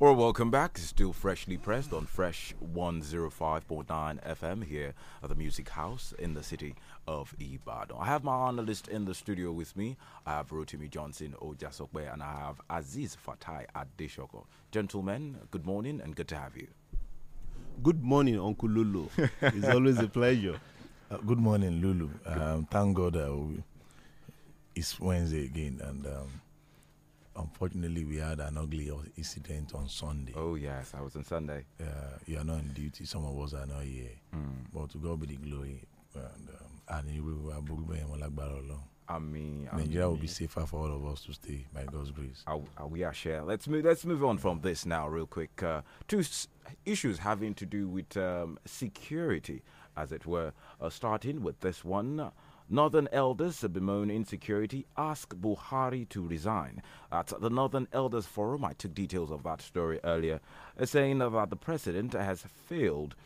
Or well, welcome back. It's still freshly pressed on Fresh 105.9 FM here at the Music House in the city of Ibadan. I have my analyst in the studio with me. I have Rotimi Johnson Ojasokwe and I have Aziz Fatai Adeshoko. Gentlemen, good morning and good to have you. Good morning, Uncle Lulu. it's always a pleasure. Uh, good morning, Lulu. Um, thank God uh, it's Wednesday again and. Um, unfortunately, we had an ugly incident on Sunday. Oh, yes, I was on Sunday. Uh, you are not on duty, some of us are not here. Mm. But to God be the glory. And, um, were I mean, I Nigeria will be safer for all of us to stay by God's grace. we are sure. Let's move. Let's move on from this now, real quick. Uh, two issues having to do with um, security, as it were. Uh, starting with this one. Northern elders bemoan insecurity, ask Buhari to resign. At the Northern Elders Forum, I took details of that story earlier, uh, saying that the president has failed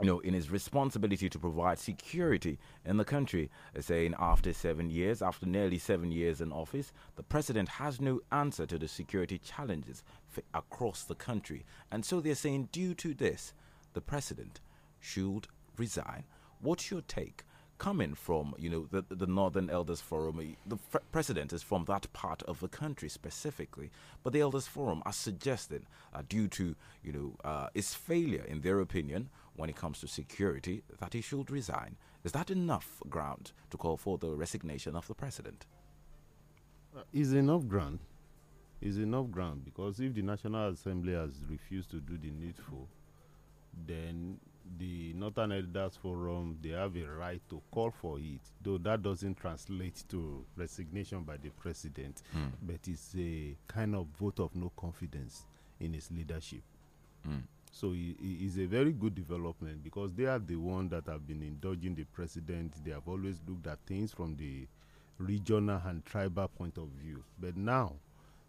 you know, in his responsibility to provide security in the country, uh, saying after seven years, after nearly seven years in office, the president has no answer to the security challenges across the country. And so they're saying, due to this, the president should resign. What's your take coming from, you know, the, the Northern Elders Forum. Eh, the president is from that part of the country specifically, but the Elders Forum are suggesting, uh, due to, you know, uh, its failure, in their opinion, when it comes to security, that he should resign. Is that enough ground to call for the resignation of the president? Uh, is enough ground. Is enough ground because if the National Assembly has refused to do the needful, then the Northern Elders Forum, they have a right to call for it, though that doesn't translate to resignation by the president, mm. but it's a kind of vote of no confidence in his leadership. Mm. So it is a very good development because they are the ones that have been indulging the president. They have always looked at things from the regional and tribal point of view, but now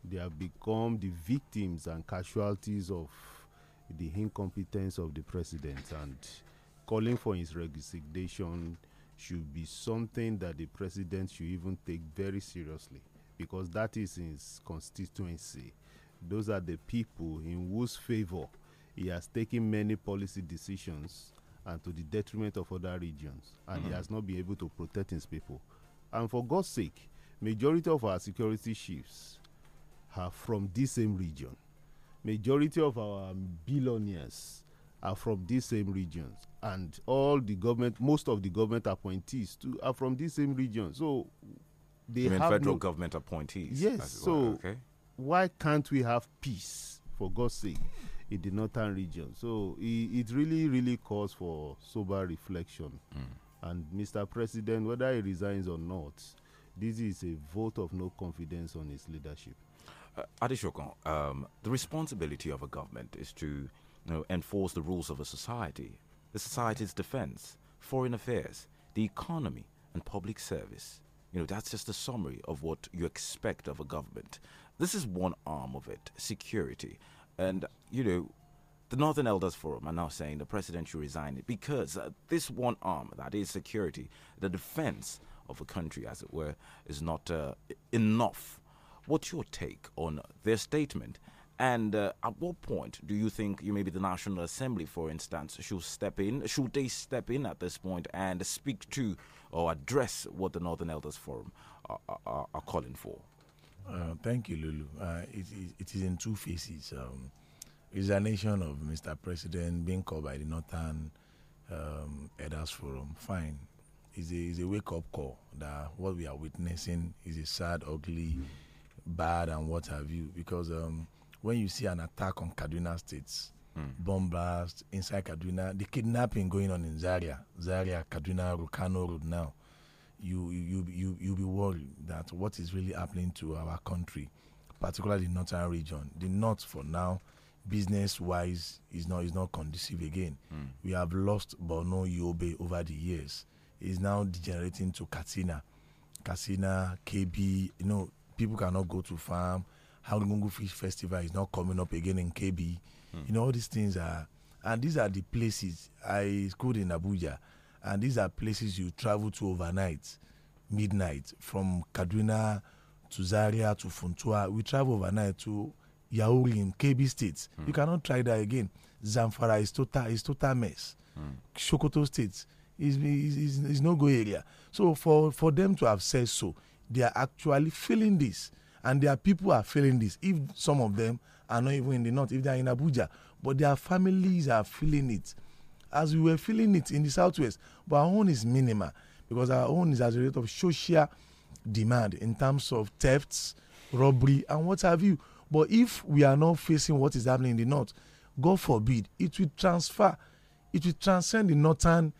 they have become the victims and casualties of the incompetence of the president and calling for his resignation should be something that the president should even take very seriously because that is his constituency. Those are the people in whose favor he has taken many policy decisions and to the detriment of other regions and mm -hmm. he mm-hmm. has not been able to protect his people. And for God's sake, majority of our security chiefs are from this same region majority of our um, billionaires are from these same regions and all the government most of the government appointees too are from these same regions so they you mean have federal no, government appointees yes so okay. why can't we have peace for god's sake in the northern region so it, it really really calls for sober reflection mm. and mr president whether he resigns or not this is a vote of no confidence on his leadership uh, Adishokon, um, the responsibility of a government is to you know, enforce the rules of a society, the society's defense, foreign affairs, the economy, and public service. You know, that's just a summary of what you expect of a government. This is one arm of it, security. And, you know, the Northern Elders Forum are now saying the president should resign because uh, this one arm, that is security, the defense of a country, as it were, is not uh, enough What's your take on their statement? And uh, at what point do you think you maybe the National Assembly, for instance, should step in? Should they step in at this point and speak to or address what the Northern Elders Forum are, are, are calling for? Uh, thank you, Lulu. Uh, it, it, it is in two phases. Um, nation of Mr. President being called by the Northern um, Elders Forum, fine. It's a, it's a wake up call that what we are witnessing is a sad, ugly. Mm-hmm bad and what have you. Because um, when you see an attack on Kaduna states, mm. bomb blast inside Kaduna, the kidnapping going on in Zaria, Zaria, Kaduna, Rukano Road now, you you you you be worried that what is really happening to our country, particularly the northern region. The north for now, business wise, is not is not conducive again. Mm. We have lost Borno Yobe over the years. It is now degenerating to Katsina. Katsina, KB, you know, people cannot go to farm. Hangungu Fish Festival is not coming up again in KB. Mm. You know, all these things are, and these are the places I schooled in Abuja, and these are places you travel to overnight, midnight from Kaduna to Zaria to Funtua. We travel overnight to Yauri in KB State. Mm. You cannot try that again. Zamfara is total is total mess. Mm. Shokoto State is is, is, is no go area. So for for them to have said so, they are actually feeling this and their people are feeling this if some of them are not even in the north if they are in abuja but their families are feeling it as we were feeling it in the southwest but our own is minimal because our own is as a result of social demand in terms of thefts robbery and what have you but if we are not facing what is happening in the north god forbid it will transfer it will transcend the northern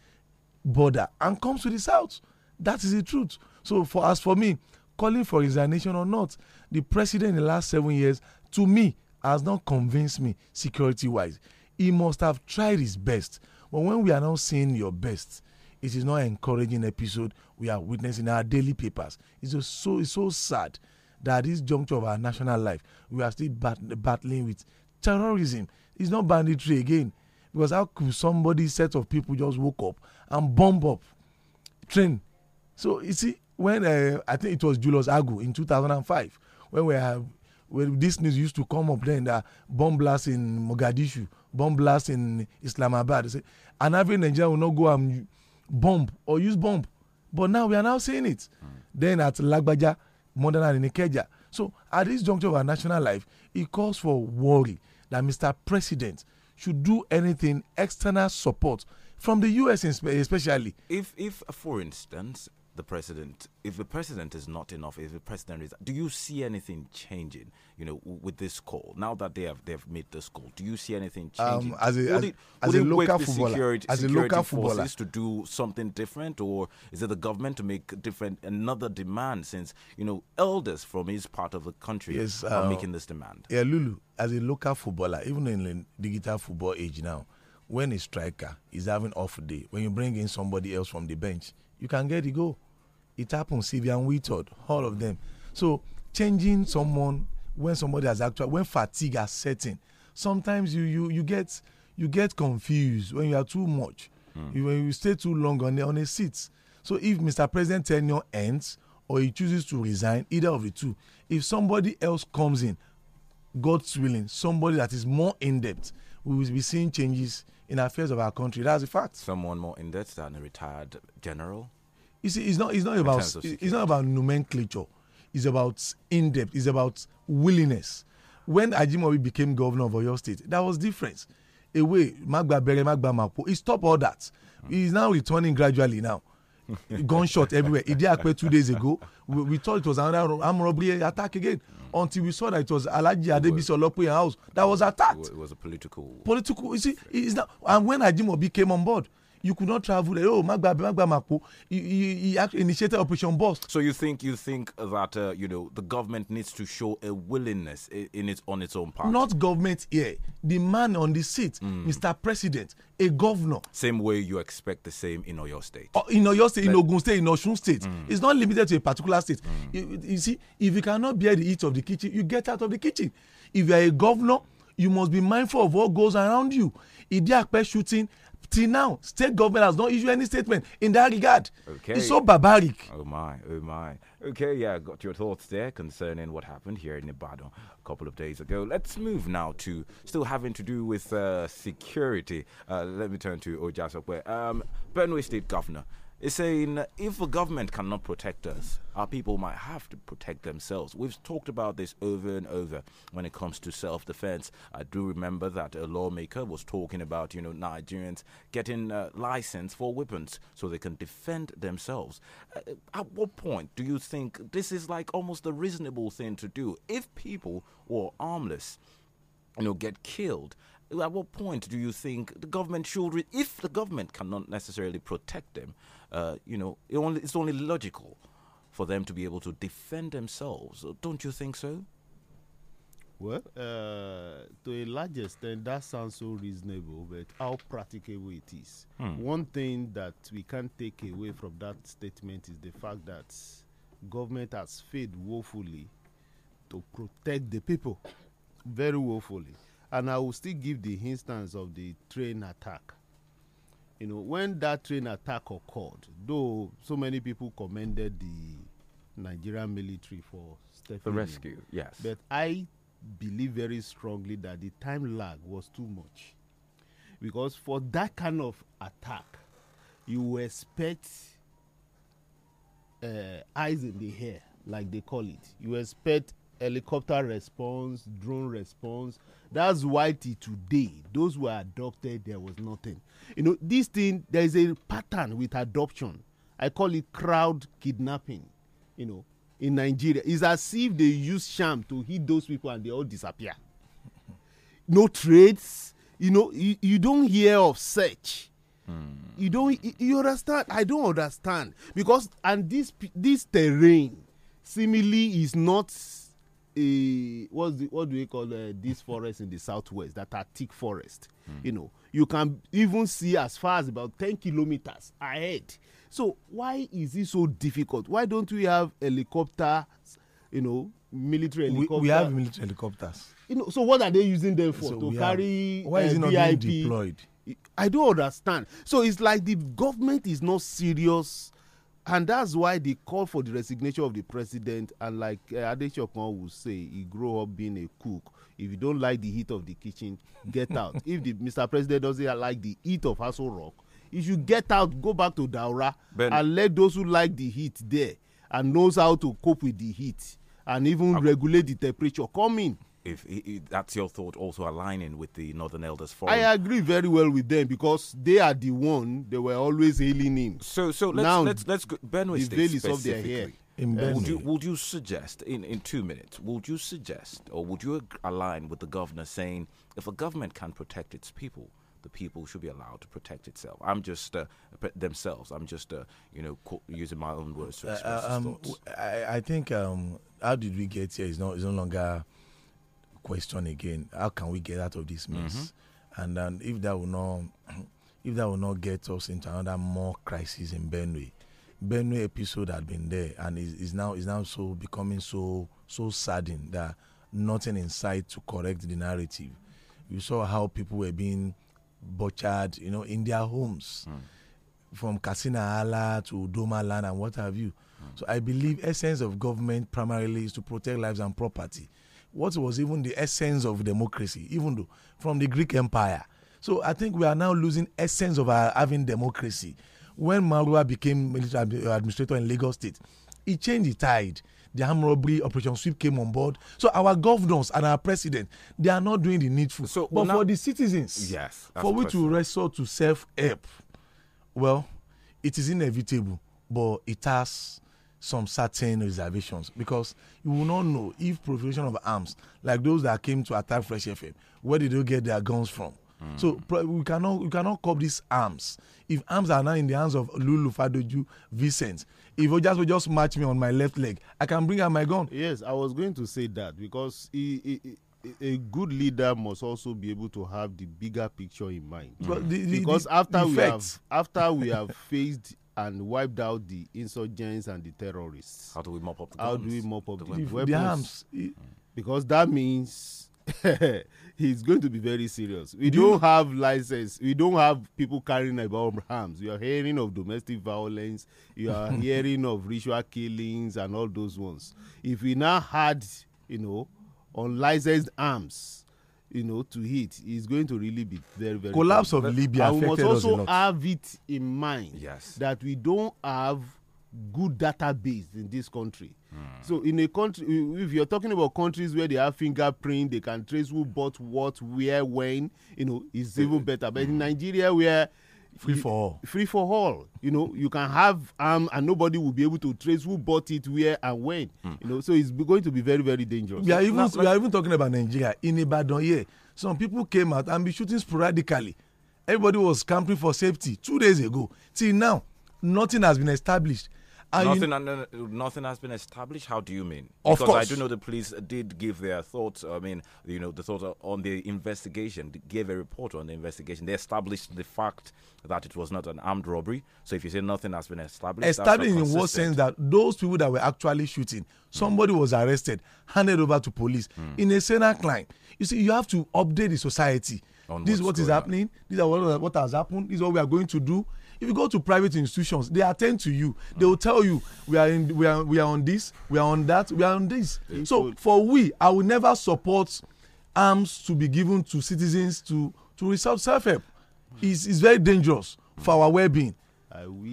border and comes to the south that is the truth so for as for me, calling for resignation or not, the president in the last seven years, to me, has not convinced me security wise. He must have tried his best. But when we are not seeing your best, it is not encouraging episode we are witnessing our daily papers. It's just so it's so sad that this juncture of our national life, we are still bat battling with terrorism. It's not banditry again. Because how could somebody set of people just woke up and bomb up train? So you see, when uh, I think it was Julius Agu in 2005 when we have when this news used to come up then that bomb blast in Mogadishu, bomb blast in Islamabad. Say, an average Nigerian will not go and bomb or use bomb. But now we are now seeing it. Mm. Then at Lagbaja, Modena and Nikeja. So at this juncture of our national life, it calls for worry that Mr. President should do anything external support from the US especially. If, if for instance, the president, if the president is not enough, if the president is, do you see anything changing? You know, with this call now that they have they've made this call, do you see anything um, changing? Um, as a, would as, it, as a local security, as security a local footballer, to do something different, or is it the government to make different another demand? Since you know elders from his part of the country yes, are uh, making this demand. Yeah, Lulu, as a local footballer, even in the digital football age now, when a striker is having off day, when you bring in somebody else from the bench, you can get the goal. It happened. we Witord, all of them. So changing someone when somebody has actually when fatigue has setting, sometimes you you you get you get confused when you are too much. Mm. You, when you stay too long on a, on a seat. So if Mr. President tenure ends or he chooses to resign, either of the two, if somebody else comes in, God's willing, somebody that is more in depth, we will be seeing changes in affairs of our country. That's a fact. Someone more in depth than a retired general. You see, it's not it's not about it's not about nomenclature. It's about in depth. It's about willingness. When Ajimobi became governor of Oyo State, that was different. Away, Magba Bere, Magba Mapo. He stopped all that. Hmm. He's now returning gradually now. Gunshot everywhere. Idiakwe two days ago, we, we, thought it was another armed robbery eh, attack again. Hmm. Until we saw that it was Alaji Adebisi Olopoya house that was attacked. It was a political. Political. You see, it's not, and when Ajimobi came on board, you could not travel Oh, magba magba mapo. He initiated Operation Boss. So you think you think that uh, you know the government needs to show a willingness in its on its own part. Not government here. The man on the seat, mm. Mr. President, a governor. Same way you expect the same in Oyo State. Oh, in Oyo State, Let in Ogun State, in Osun State. Mm. It's not limited to a particular state. Mm. You, you see, if you cannot bear the heat of the kitchen, you get out of the kitchen. If you are a governor, you must be mindful of what goes around you. Idiakpe shooting till now state government has not issued any statement in that regard okay it's so barbaric oh my oh my okay yeah got your thoughts there concerning what happened here in ibadan a couple of days ago let's move now to still having to do with uh, security uh, let me turn to ojasope um benue state governor it's saying if the government cannot protect us, our people might have to protect themselves. We've talked about this over and over when it comes to self defense. I do remember that a lawmaker was talking about, you know, Nigerians getting a uh, license for weapons so they can defend themselves. Uh, at what point do you think this is like almost a reasonable thing to do? If people were armless, you know, get killed at what point do you think the government should, if the government cannot necessarily protect them, uh, you know, it only, it's only logical for them to be able to defend themselves. Don't you think so? Well, uh, to a large extent, that sounds so reasonable, but how practicable it is. Hmm. One thing that we can't take away from that statement is the fact that government has failed woefully to protect the people, very woefully. And I will still give the instance of the train attack you know, when that train attack occurred, though so many people commended the Nigerian military for stepping the rescue, in, yes. But I believe very strongly that the time lag was too much. Because for that kind of attack, you expect uh, eyes in the hair, like they call it. You expect helicopter response, drone response. That's why today, those were adopted, there was nothing. You know, this thing, there is a pattern with adoption. I call it crowd kidnapping, you know, in Nigeria. It's as if they use sham to hit those people and they all disappear. No trades, you know, you, you don't hear of search. Hmm. You don't, you understand? I don't understand. Because, and this, this terrain, seemingly is not a what's the, what do we call uh, these forests in the southwest that are thick forest mm. you know you can even see as far as about 10 kilometers ahead so why is it so difficult why don't we have helicopters you know military helicopters we, we have military helicopters you know so what are they using them for so to carry have, why is uh, it not VIP? being deployed i don't understand so it's like the government is not serious and that's why the call for the resignation of the president, and like uh, eh, Adeshokon will say, he grew up being a cook. If you don't like the heat of the kitchen, get out. if the Mr. President doesn't like the heat of Hassel Rock, you should get out, go back to Daura, ben, and let those who like the heat there and knows how to cope with the heat and even I'm, regulate the temperature come in if he, that's your thought also aligning with the Northern Elders Forum. I agree very well with them because they are the one they were always hailing him. So so let's now, let's let's go Benue the their hair. Uh, would you, would you suggest in, in two minutes? Would you suggest or would you align with the governor saying if a government can protect its people, the people should be allowed to protect itself. I'm just uh, themselves. I'm just uh, you know using my own words to uh, express uh, um, I, I, think um, how did we get here is no is no longer question again how can we get out of this mess mm-hmm. and then if that will not if that will not get us into another more crisis in benue benue episode had been there and is, is now is now so becoming so so saddening that nothing in sight to correct the narrative you saw how people were being butchered you know in their homes mm. from kasina ala to doma land and what have you mm. so i believe essence of government primarily is to protect lives and property what was even the essence of democracy, even though from the Greek Empire. So I think we are now losing essence of our having democracy. When Marwa became military uh, administrator in Lagos State, he changed the tide. The armed robbery operation sweep came on board. So our governors and our president, they are not doing the needful. So, but now, for the citizens, yes, for which we resort to self-help, well, it is inevitable, but it has some certain reservations because you will not know if provision of arms, like those that came to attack Fresh FM, where did they get their guns from? Mm. So we cannot we cannot cop these arms. If arms are now in the hands of Lulu Fadoju Vincent, if Ojas will just match me on my left leg, I can bring out my gun. Yes, I was going to say that because he, he, he, a good leader must also be able to have the bigger picture in mind. Mm. The, the, because after we have after we have faced and wiped out the insurgents and the terrorists. How do we mop up the How guns? do we mop up the, the weapons? The arms. Because that means he's going to be very serious. We do not have license. We don't have people carrying about arms. You are hearing of domestic violence. You are hearing of ritual killings and all those ones. If we now had, you know, unlicensed arms, you know to hit is going to really be very very collapse important. of but libya and we must also have it in mind yes. that we don't have good database in this country mm. so in a country if you're talking about countries where they have fingerprint they can trace who bought what where when you know it's even better but mm. in hmm. nigeria where free for all. Free for all. You know, you can have arm um, and nobody will be able to trace who bought it, where and when. Mm. You know, so it's going to be very, very dangerous. We are even we are even talking about Nigeria. In Ibadan here, some people came out and be shooting sporadically. Everybody was camping for safety two days ago. Till now, nothing has been established are nothing, you... Uh, nothing has been established. How do you mean? Of because course. I do know the police did give their thoughts. I mean, you know, the thoughts on the investigation. They gave a report on the investigation. They established the fact that it was not an armed robbery. So if you say nothing has been established, established in what sense that those people that were actually shooting, somebody mm. was arrested, handed over to police mm. in a senior crime. You see, you have to update the society. On this is what is happening. On. This is what, what has happened. This is what we are going to do if you go to private institutions they attend to you they will tell you we are in we are we are on this we are on that we are on this yeah. so for we i will never support arms to be given to citizens to to resolve self-help is is very dangerous for our well-being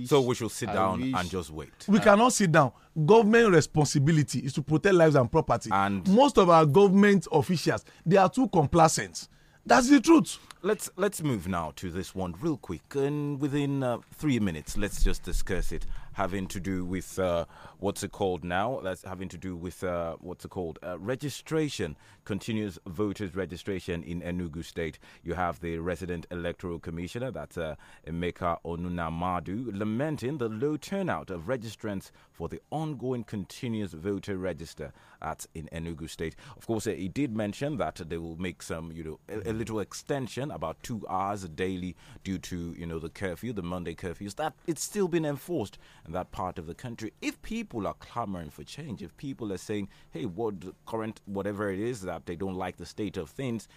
so we should sit I down wish. and just wait. We cannot sit down. Government responsibility is to protect lives and property. And most of our government officials, they are too complacent. That's the truth let's let's move now to this one real quick, and within uh, three minutes, let's just discuss it having to do with uh, what's it called now? That's having to do with uh, what's it called? Uh, registration, continuous voters registration in Enugu State. You have the resident electoral commissioner, that's uh, Emeka Onunamadu, lamenting the low turnout of registrants for the ongoing continuous voter register at in Enugu State. Of course, he did mention that they will make some, you know, a, a little extension, about two hours daily, due to you know the curfew, the Monday curfews. That it's still been enforced that part of the country. If people are clamoring for change, if people are saying, hey, what current, whatever it is that they don't like the state of things,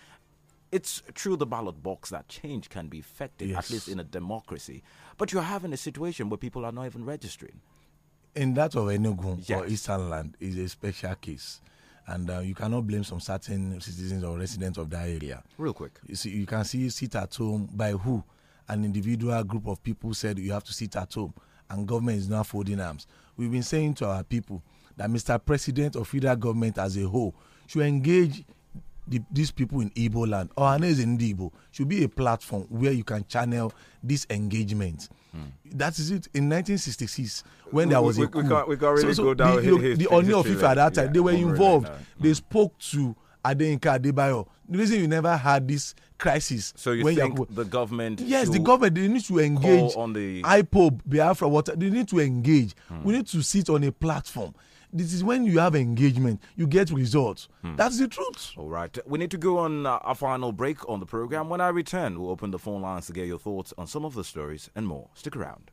it's through the ballot box that change can be effected, yes. at least in a democracy. But you're having a situation where people are not even registering. In that of Enugu yes. or Eastern Land is a special case. And uh, you cannot blame some certain citizens or residents of that area. Real quick. You, see, you can see sit at home by who? An individual group of people said you have to sit at home and government is not folding arms. We've been saying to our people that Mr. President of federal government as a whole should engage the, these people in Igbo land or Anes in Igbo should be a platform where you can channel this engagement. Hmm. That is it. In 1966, when we, there was we, a we, can't, we can't really so, so go down the, here, the, the, of FIFA at that time, yeah, they were involved. Really they spoke to Adenka Adebayo. The reason you never had this crisis. So you think you the government? Yes, the government. They need to engage on the IPOB, Biafra Water. They need to engage. Hmm. We need to sit on a platform. This is when you have engagement, you get results. Hmm. That's the truth. All right. We need to go on a uh, final break on the program. When I return, we'll open the phone lines to get your thoughts on some of the stories and more. Stick around.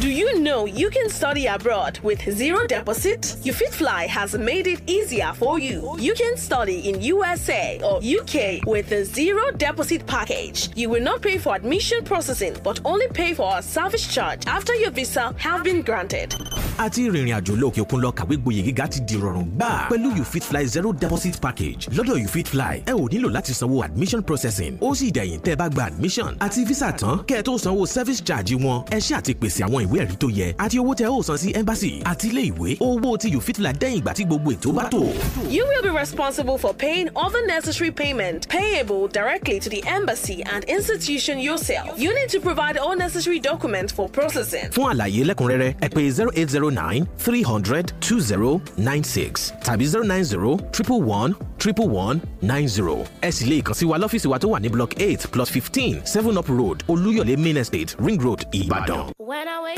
Do you know you can study abroad with zero deposit? UFitFly has made it easier for you. You can study in USA or UK with a zero deposit package. You will not pay for admission processing but only pay for a service charge after your visa have been granted. àti ìrìnrìn àjò lóòkè òkun lọ kàwé gboyè gíga ti di rọrùn gbà pẹ̀lú UFitFly zero deposit package lọ́dọ̀ UFitFly ẹ ò nílò láti sanwó admission processing ó sì dẹ̀yìn tẹ́ ẹ bá gba admission àti visa tán kẹ́ ẹ tó sanwó service charge wọn ẹ ṣe àti pèsè àwọn ìwé. ìwé ẹ̀rí tó yẹ àti owó tẹ ó san sí embassy àti ilé ìwé owó tí you fit la dẹ́yìn ìgbà tí gbogbo ètò bá tó. You will be responsible for paying all the necessary payment payable directly to the embassy and institution yourself. You need to provide all necessary documents for processing. Fún àlàyé lẹ́kùnrẹ́rẹ́ ẹ pè zero eight zero nine three hundred two zero nine six tàbí zero nine zero triple one triple one nine zero. ẹ sì lè kàn sí wa lọ́fíìsì wa tó wà ní block eight plus fifteen seven up road olúyọ̀lé main estate ring road ìbàdàn. When I wake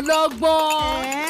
ọlọ́gbọ́n.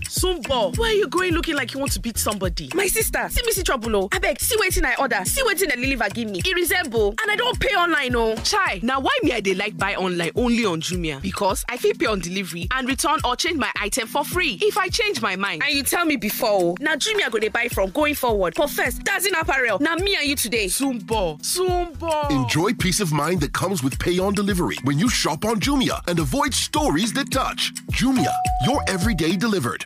Sumbo, why are you going looking like you want to beat somebody? My sister, see me see trouble oh. beg, see waiting I order, see waiting and Lily give me. It resemble, and I don't pay online oh. Chai, now why me I dey like buy online only on Jumia? Because I feel pay on delivery and return or change my item for free if I change my mind. And you tell me before oh. Now Jumia go dey buy from going forward. For first, that's in Apparel. Now me and you today. Sumbo, Sumbo. Enjoy peace of mind that comes with pay on delivery when you shop on Jumia and avoid stories that touch. Jumia, your everyday delivered.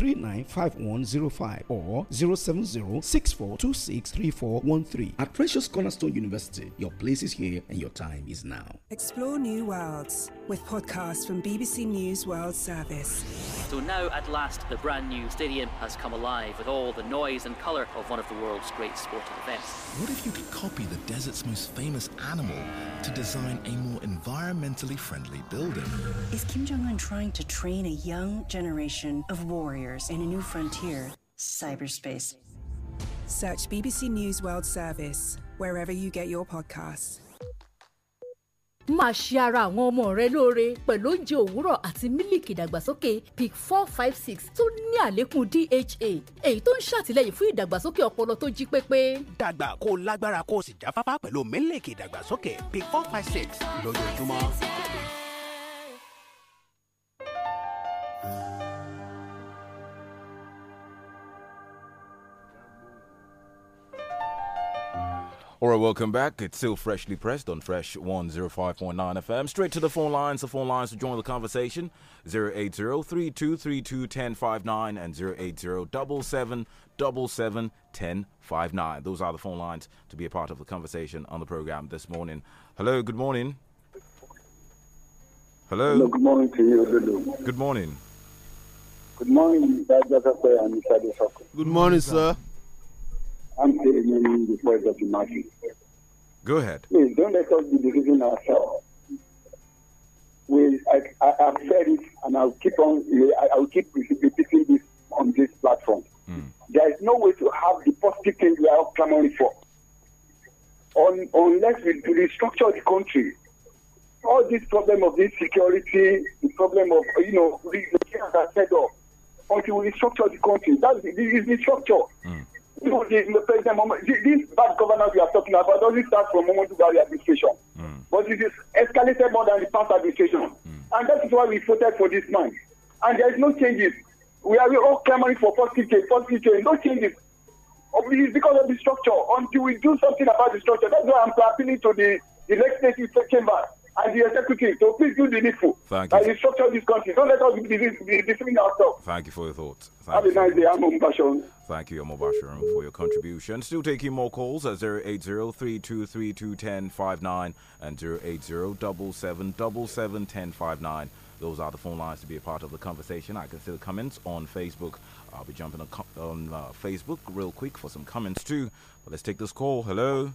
Three nine five one zero five or 070 At Precious Cornerstone University, your place is here and your time is now. Explore new worlds with podcasts from BBC News World Service. So now at last the brand new stadium has come alive with all the noise and colour of one of the world's great sporting events. What if you could copy the desert's most famous animal to design a more environmentally friendly building? Is Kim Jong un trying to train a young generation of warriors? warriors in a new frontier, cyberspace. Search BBC News World Service wherever you get your podcasts. máa ṣe ara àwọn ọmọ rẹ lóore pẹ̀lú oúnjẹ òwúrọ̀ àti mílìkì ìdàgbàsókè pic four five six tó ní àlékún dha èyí tó ń ṣàtìlẹ́yìn fún ìdàgbàsókè ọpọlọ tó jí pépé. dàgbà kó o lágbára kó o sì jáfáfá pẹ̀lú mílìkì ìdàgbàsókè pic four five six lójoojúmọ́. All right, welcome back. It's still freshly pressed on Fresh 105.9 FM. Straight to the phone lines. The phone lines to join the conversation 080 3232 1059 and 080 7777 1059. Those are the phone lines to be a part of the conversation on the program this morning. Hello, good morning. Hello. Hello good morning to you. Good morning. Good morning, Good morning, sir. I'm saying Go ahead. Please don't let us be division ourselves. We, I, have said it, and I'll keep on. I, will keep repeating this on this platform. Mm. There is no way to have the positive things we are clamoring for, on, unless we restructure the country. All this problem of insecurity, the problem of you know, the, things are set up until we restructure the country. That's the, the, the structure. Mm. Even the present moment, this bad governance we are talking about doesn't start from Momodubawi administration, mm. but it is escalated more than the past administration. Mm. And that is why we voted for this man. And there is no changes. We are all clamoring for positive change, positive change, no changes. Oh, it's because of the structure. Until we do something about the structure, that's why I'm appealing to the, the legislative chamber and the executive to so please do the needful. Thank you. And structure this country. Don't let us be deceiving ourselves. Thank you for your thoughts. Have a nice day. I'm passion. Thank you, Omobashirim, for your contribution. Still taking more calls at 80 323 and 80 777 Those are the phone lines to be a part of the conversation. I can see the comments on Facebook. I'll be jumping on uh, Facebook real quick for some comments too. But let's take this call. Hello.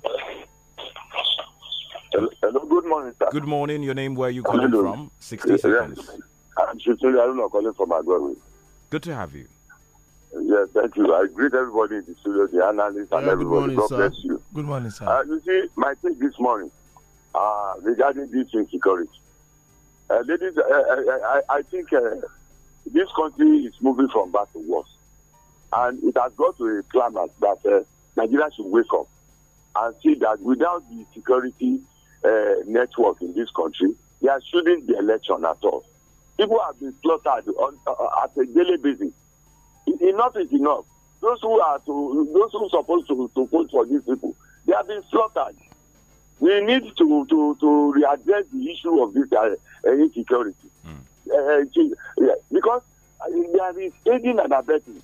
Hello, good morning, sir. Good morning. Your name, where you calling Hello. from? 60 seconds. Yes. I'm calling from Agogo. Good to have you. Yes, thank you. I greet everybody in the studio, the analysts, and everybody. Good Morning, God sir. bless you. Good morning, sir. Uh, you see, my take this morning uh, regarding this insecurity. Uh, ladies, uh, I, uh, uh, I, I, think uh, this country is moving from bad to worse. And it has got to a climate that Nigeria should wake up and see that without the security network in this country, there shouldn't be election at all. People have been slaughtered on, at a daily basis enough is enough. Those who are to, those who are supposed to, to vote for these people, they have been slaughtered. We need to to to readdress the issue of this uh, uh insecurity mm. uh, uh because uh, there is aiding and abetting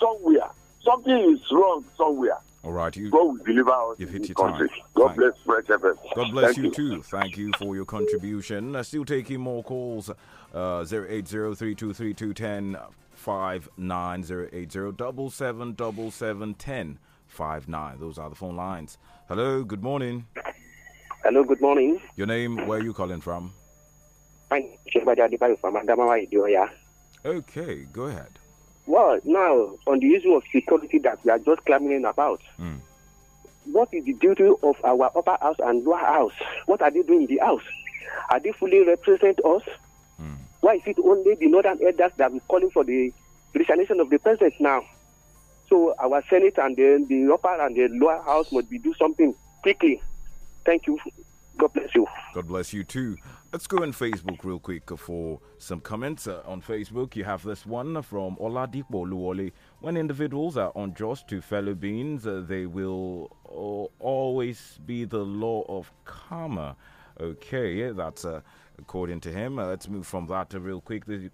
somewhere. Something is wrong somewhere. All right. You, God will deliver us. You've hit your country. time. God Thank bless Fresh God bless you, you, too. Thank you for your contribution. Still taking more calls. Uh, 080323210 59080 double seven double seven ten five nine. Those are the phone lines. Hello, good morning. Hello, good morning. Your name, where are you calling from? I'm from Okay, go ahead. Well, now, on the issue of security that we are just clamoring about, mm. what is the duty of our upper house and lower house? What are they doing in the house? Are they fully represent us? Why is it only the northern elders that are calling for the resignation of the president now? So our Senate and the, the upper and the lower house must be do something quickly. Thank you. God bless you. God bless you too. Let's go on Facebook real quick for some comments. Uh, on Facebook, you have this one from Oladipo Luwole. When individuals are unjust to fellow beings, uh, they will uh, always be the law of karma. Okay, that's a. Uh, according to him. Uh, let's move from that to real quickly.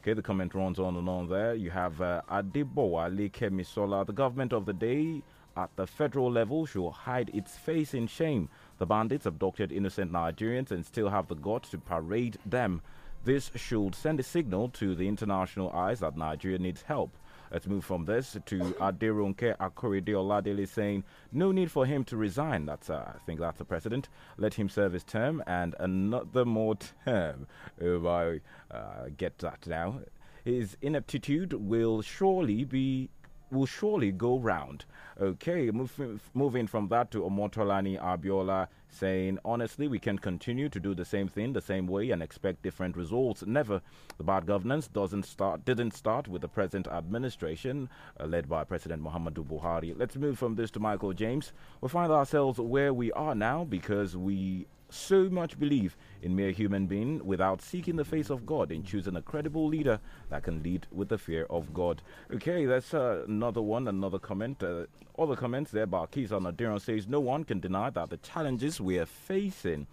Okay, the comment runs on and on there. You have uh, Adebowale Kemisola. The government of the day at the federal level should hide its face in shame. The bandits abducted innocent Nigerians and still have the guts to parade them. This should send a signal to the international eyes that Nigeria needs help. Let's move from this to Adirunke Akoride Oladele saying, No need for him to resign. That's uh, I think that's the precedent. Let him serve his term and another more term. If oh, I uh, get that now. His ineptitude will surely be will surely go round. Okay, moving, moving from that to Omotolani Abiola saying, honestly, we can continue to do the same thing the same way and expect different results. Never. The bad governance doesn't start, didn't start with the present administration uh, led by President Muhammadu Buhari. Let's move from this to Michael James. We find ourselves where we are now because we so much belief in mere human being without seeking the face of God and choosing a credible leader that can lead with the fear of God. Okay, that's uh, another one, another comment. Uh, other comments there, Barkisa Nadiran says, No one can deny that the challenges we are facing,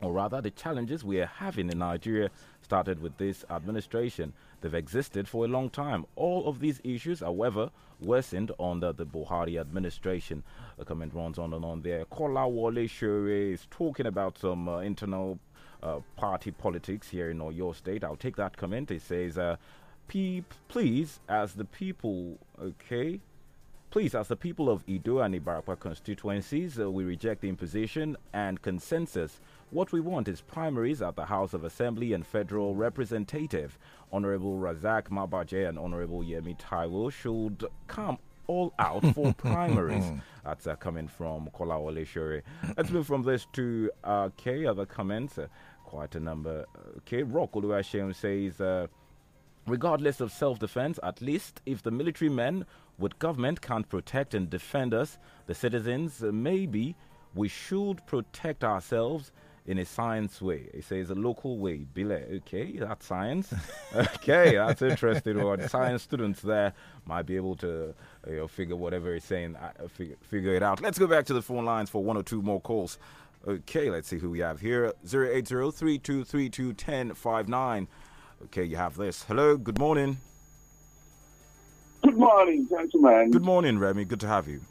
or rather the challenges we are having in Nigeria, started with this administration. They've existed for a long time. All of these issues, however, worsened under the Buhari administration. The comment runs on and on there. Kola Wale Shure is talking about some uh, internal uh, party politics here in Oyo State. I'll take that comment. It says, uh, please, as the people, okay, Please, as the people of Ido and Ibarapa constituencies, uh, we reject the imposition and consensus what we want is primaries at the House of Assembly and Federal Representative. Honorable Razak Mabaje and Honorable Yemi Taiwo should come all out for primaries. That's uh, coming from Kola Oleshore. Let's move from this to uh, K. Other comments, uh, quite a number. Uh, K Rock Oluwashem says, uh, regardless of self defense, at least if the military men with government can't protect and defend us, the citizens, uh, maybe we should protect ourselves in a science way. He says a local way. Bile, okay, that's science. okay, that's interesting. What science students there might be able to you know, figure whatever he's saying, uh, figure, figure it out. Let's go back to the phone lines for one or two more calls. Okay, let's see who we have here. 80 3232 Okay, you have this. Hello, good morning. Good morning, gentlemen. Good morning, Remy. Good to have you.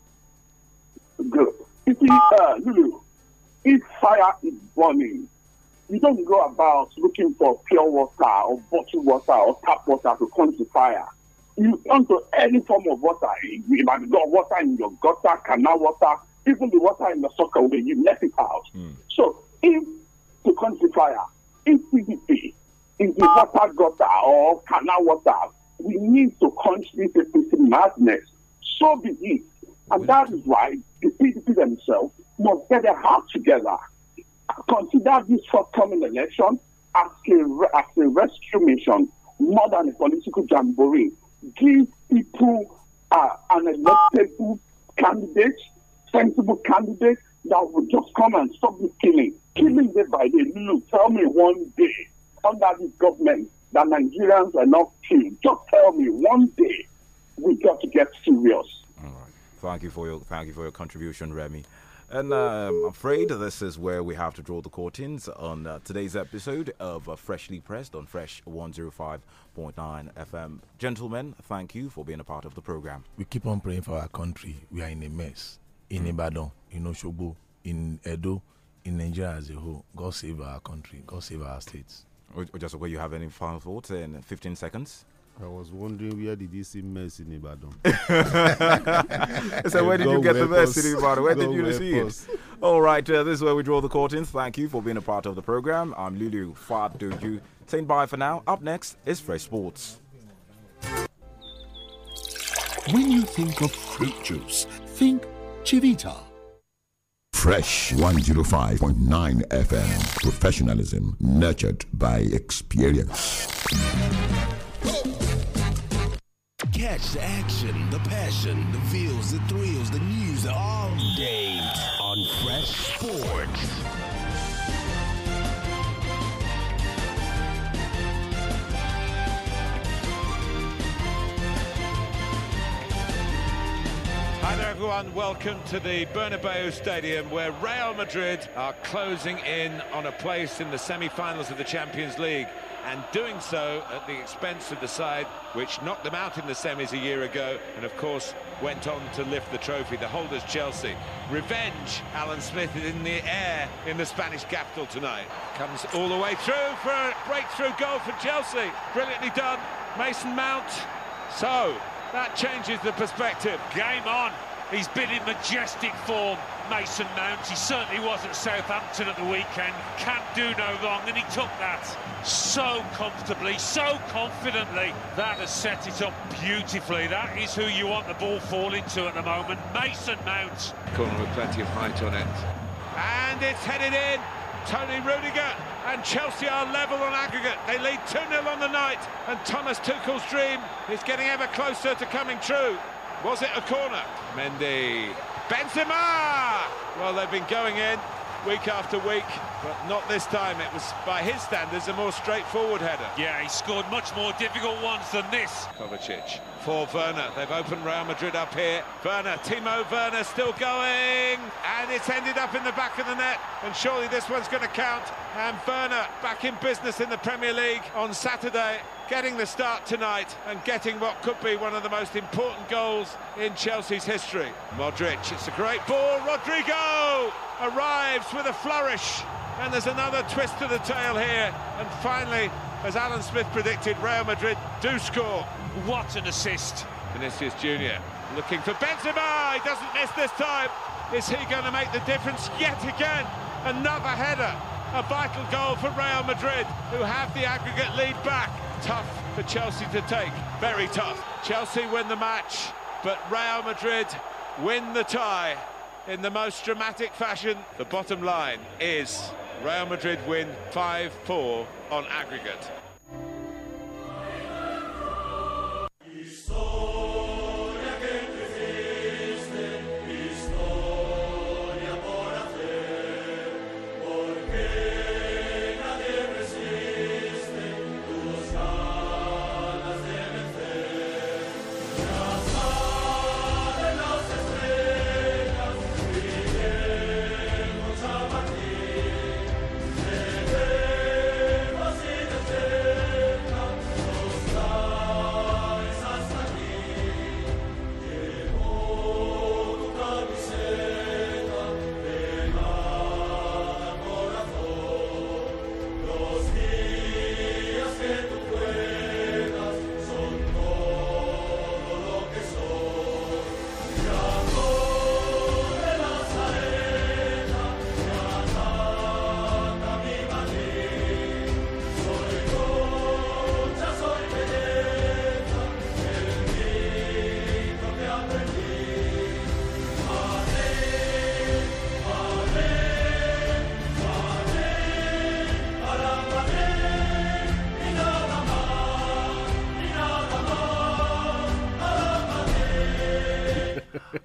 Good. You see, uh, Lulu, if fire is burning, you don't go about looking for pure water or bottled water or tap water to quench the fire. You turn to any form of water. You might got water in your gutter, canal water, even the water in the soccer way, you let it out. Mm. So if to quench the fire, if PDP is the water gutter or canal water, we need to quench this madness. So be it. And that is why the PDP themselves must get their heart together. Consider this forthcoming election as a, as a rescue mission more than a political jamboree. Give people uh, an electable candidate, sensible candidate that will just come and stop the killing. Killing day by day. Look, tell me one day under this government that Nigerians are not killed. Just tell me one day we got to get serious. All right. Thank you for your thank you for your contribution, Remy. And uh, I'm afraid this is where we have to draw the curtains on uh, today's episode of uh, Freshly Pressed on Fresh 105.9 FM. Gentlemen, thank you for being a part of the program. We keep on praying for our country. We are in a mess. In mm. Ibadan, in Oshobo, in Edo, in Nigeria as a whole. God save our country. God save our states. Just where you have any final thoughts in 15 seconds? I was wondering where did you see mercy in Ibadan. so where did God you get the mercy in Ibadan? Where God did you receive it? All right, uh, this is where we draw the curtains. Thank you for being a part of the program. I'm Lulu Fadoju. Saying bye for now. Up next is Fresh Sports. When you think of fruit juice, think Chivita. Fresh 105.9 FM. Professionalism nurtured by experience catch the action, the passion, the feels, the thrills, the news all day on Fresh Sports. Hi there, everyone. Welcome to the Bernabeu Stadium, where Real Madrid are closing in on a place in the semi-finals of the Champions League and doing so at the expense of the side which knocked them out in the semis a year ago and of course went on to lift the trophy the holders Chelsea revenge Alan Smith is in the air in the Spanish capital tonight comes all the way through for a breakthrough goal for Chelsea brilliantly done Mason Mount so that changes the perspective game on He's been in majestic form, Mason Mount. He certainly was at Southampton at the weekend. Can do no wrong, and he took that so comfortably, so confidently. That has set it up beautifully. That is who you want the ball falling to at the moment, Mason Mount. Corner with plenty of height on it. And it's headed in. Tony Rudiger and Chelsea are level on aggregate. They lead 2-0 on the night, and Thomas Tuchel's dream is getting ever closer to coming true. Was it a corner? Mendy. Benzema! Well, they've been going in week after week, but not this time. It was, by his standards, a more straightforward header. Yeah, he scored much more difficult ones than this. Kovacic for Werner. They've opened Real Madrid up here. Werner, Timo Werner still going, and it's ended up in the back of the net, and surely this one's going to count. And Werner back in business in the Premier League on Saturday getting the start tonight and getting what could be one of the most important goals in Chelsea's history. Modric, it's a great ball. Rodrigo arrives with a flourish. And there's another twist to the tail here. And finally, as Alan Smith predicted, Real Madrid do score. What an assist. Vinicius Junior looking for Benzema. He doesn't miss this time. Is he going to make the difference yet again? Another header. A vital goal for Real Madrid, who have the aggregate lead back. Tough for Chelsea to take, very tough. Chelsea win the match, but Real Madrid win the tie in the most dramatic fashion. The bottom line is Real Madrid win 5-4 on aggregate.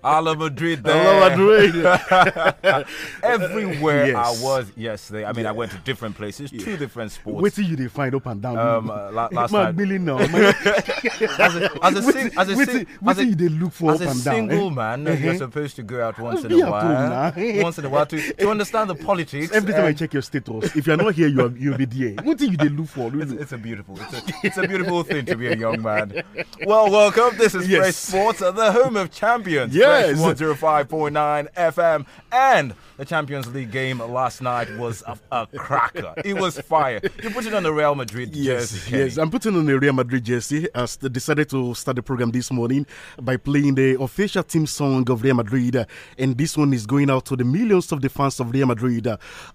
a la Madrid there. La Madrid. Everywhere yes. I was yesterday, I mean, yeah. I went to different places, yeah. two different sports. Wait till you find up and down. Um, uh, la- last man, night. as a, as a, as a, as a eh? single man, you're uh-huh. supposed to go out once in a while. Eh? once in a while to, to understand the politics. Every time I check your status, if you're not here, you're, you'll be there. What do you look for? It's, it's, a beautiful, it's a, it's a beautiful thing to be a young man. Well, welcome. This is yes. Fresh Sports, the home of champions. Yeah. Fresh 105.9 FM. And the Champions League game last night was a, a cracker. It was fire. You put it on the Real Madrid yes, jersey. Yes, I'm putting on the Real Madrid jersey. I decided to start the program this morning by playing the official team song of Real Madrid. And this one is going out to the millions of the fans of Real Madrid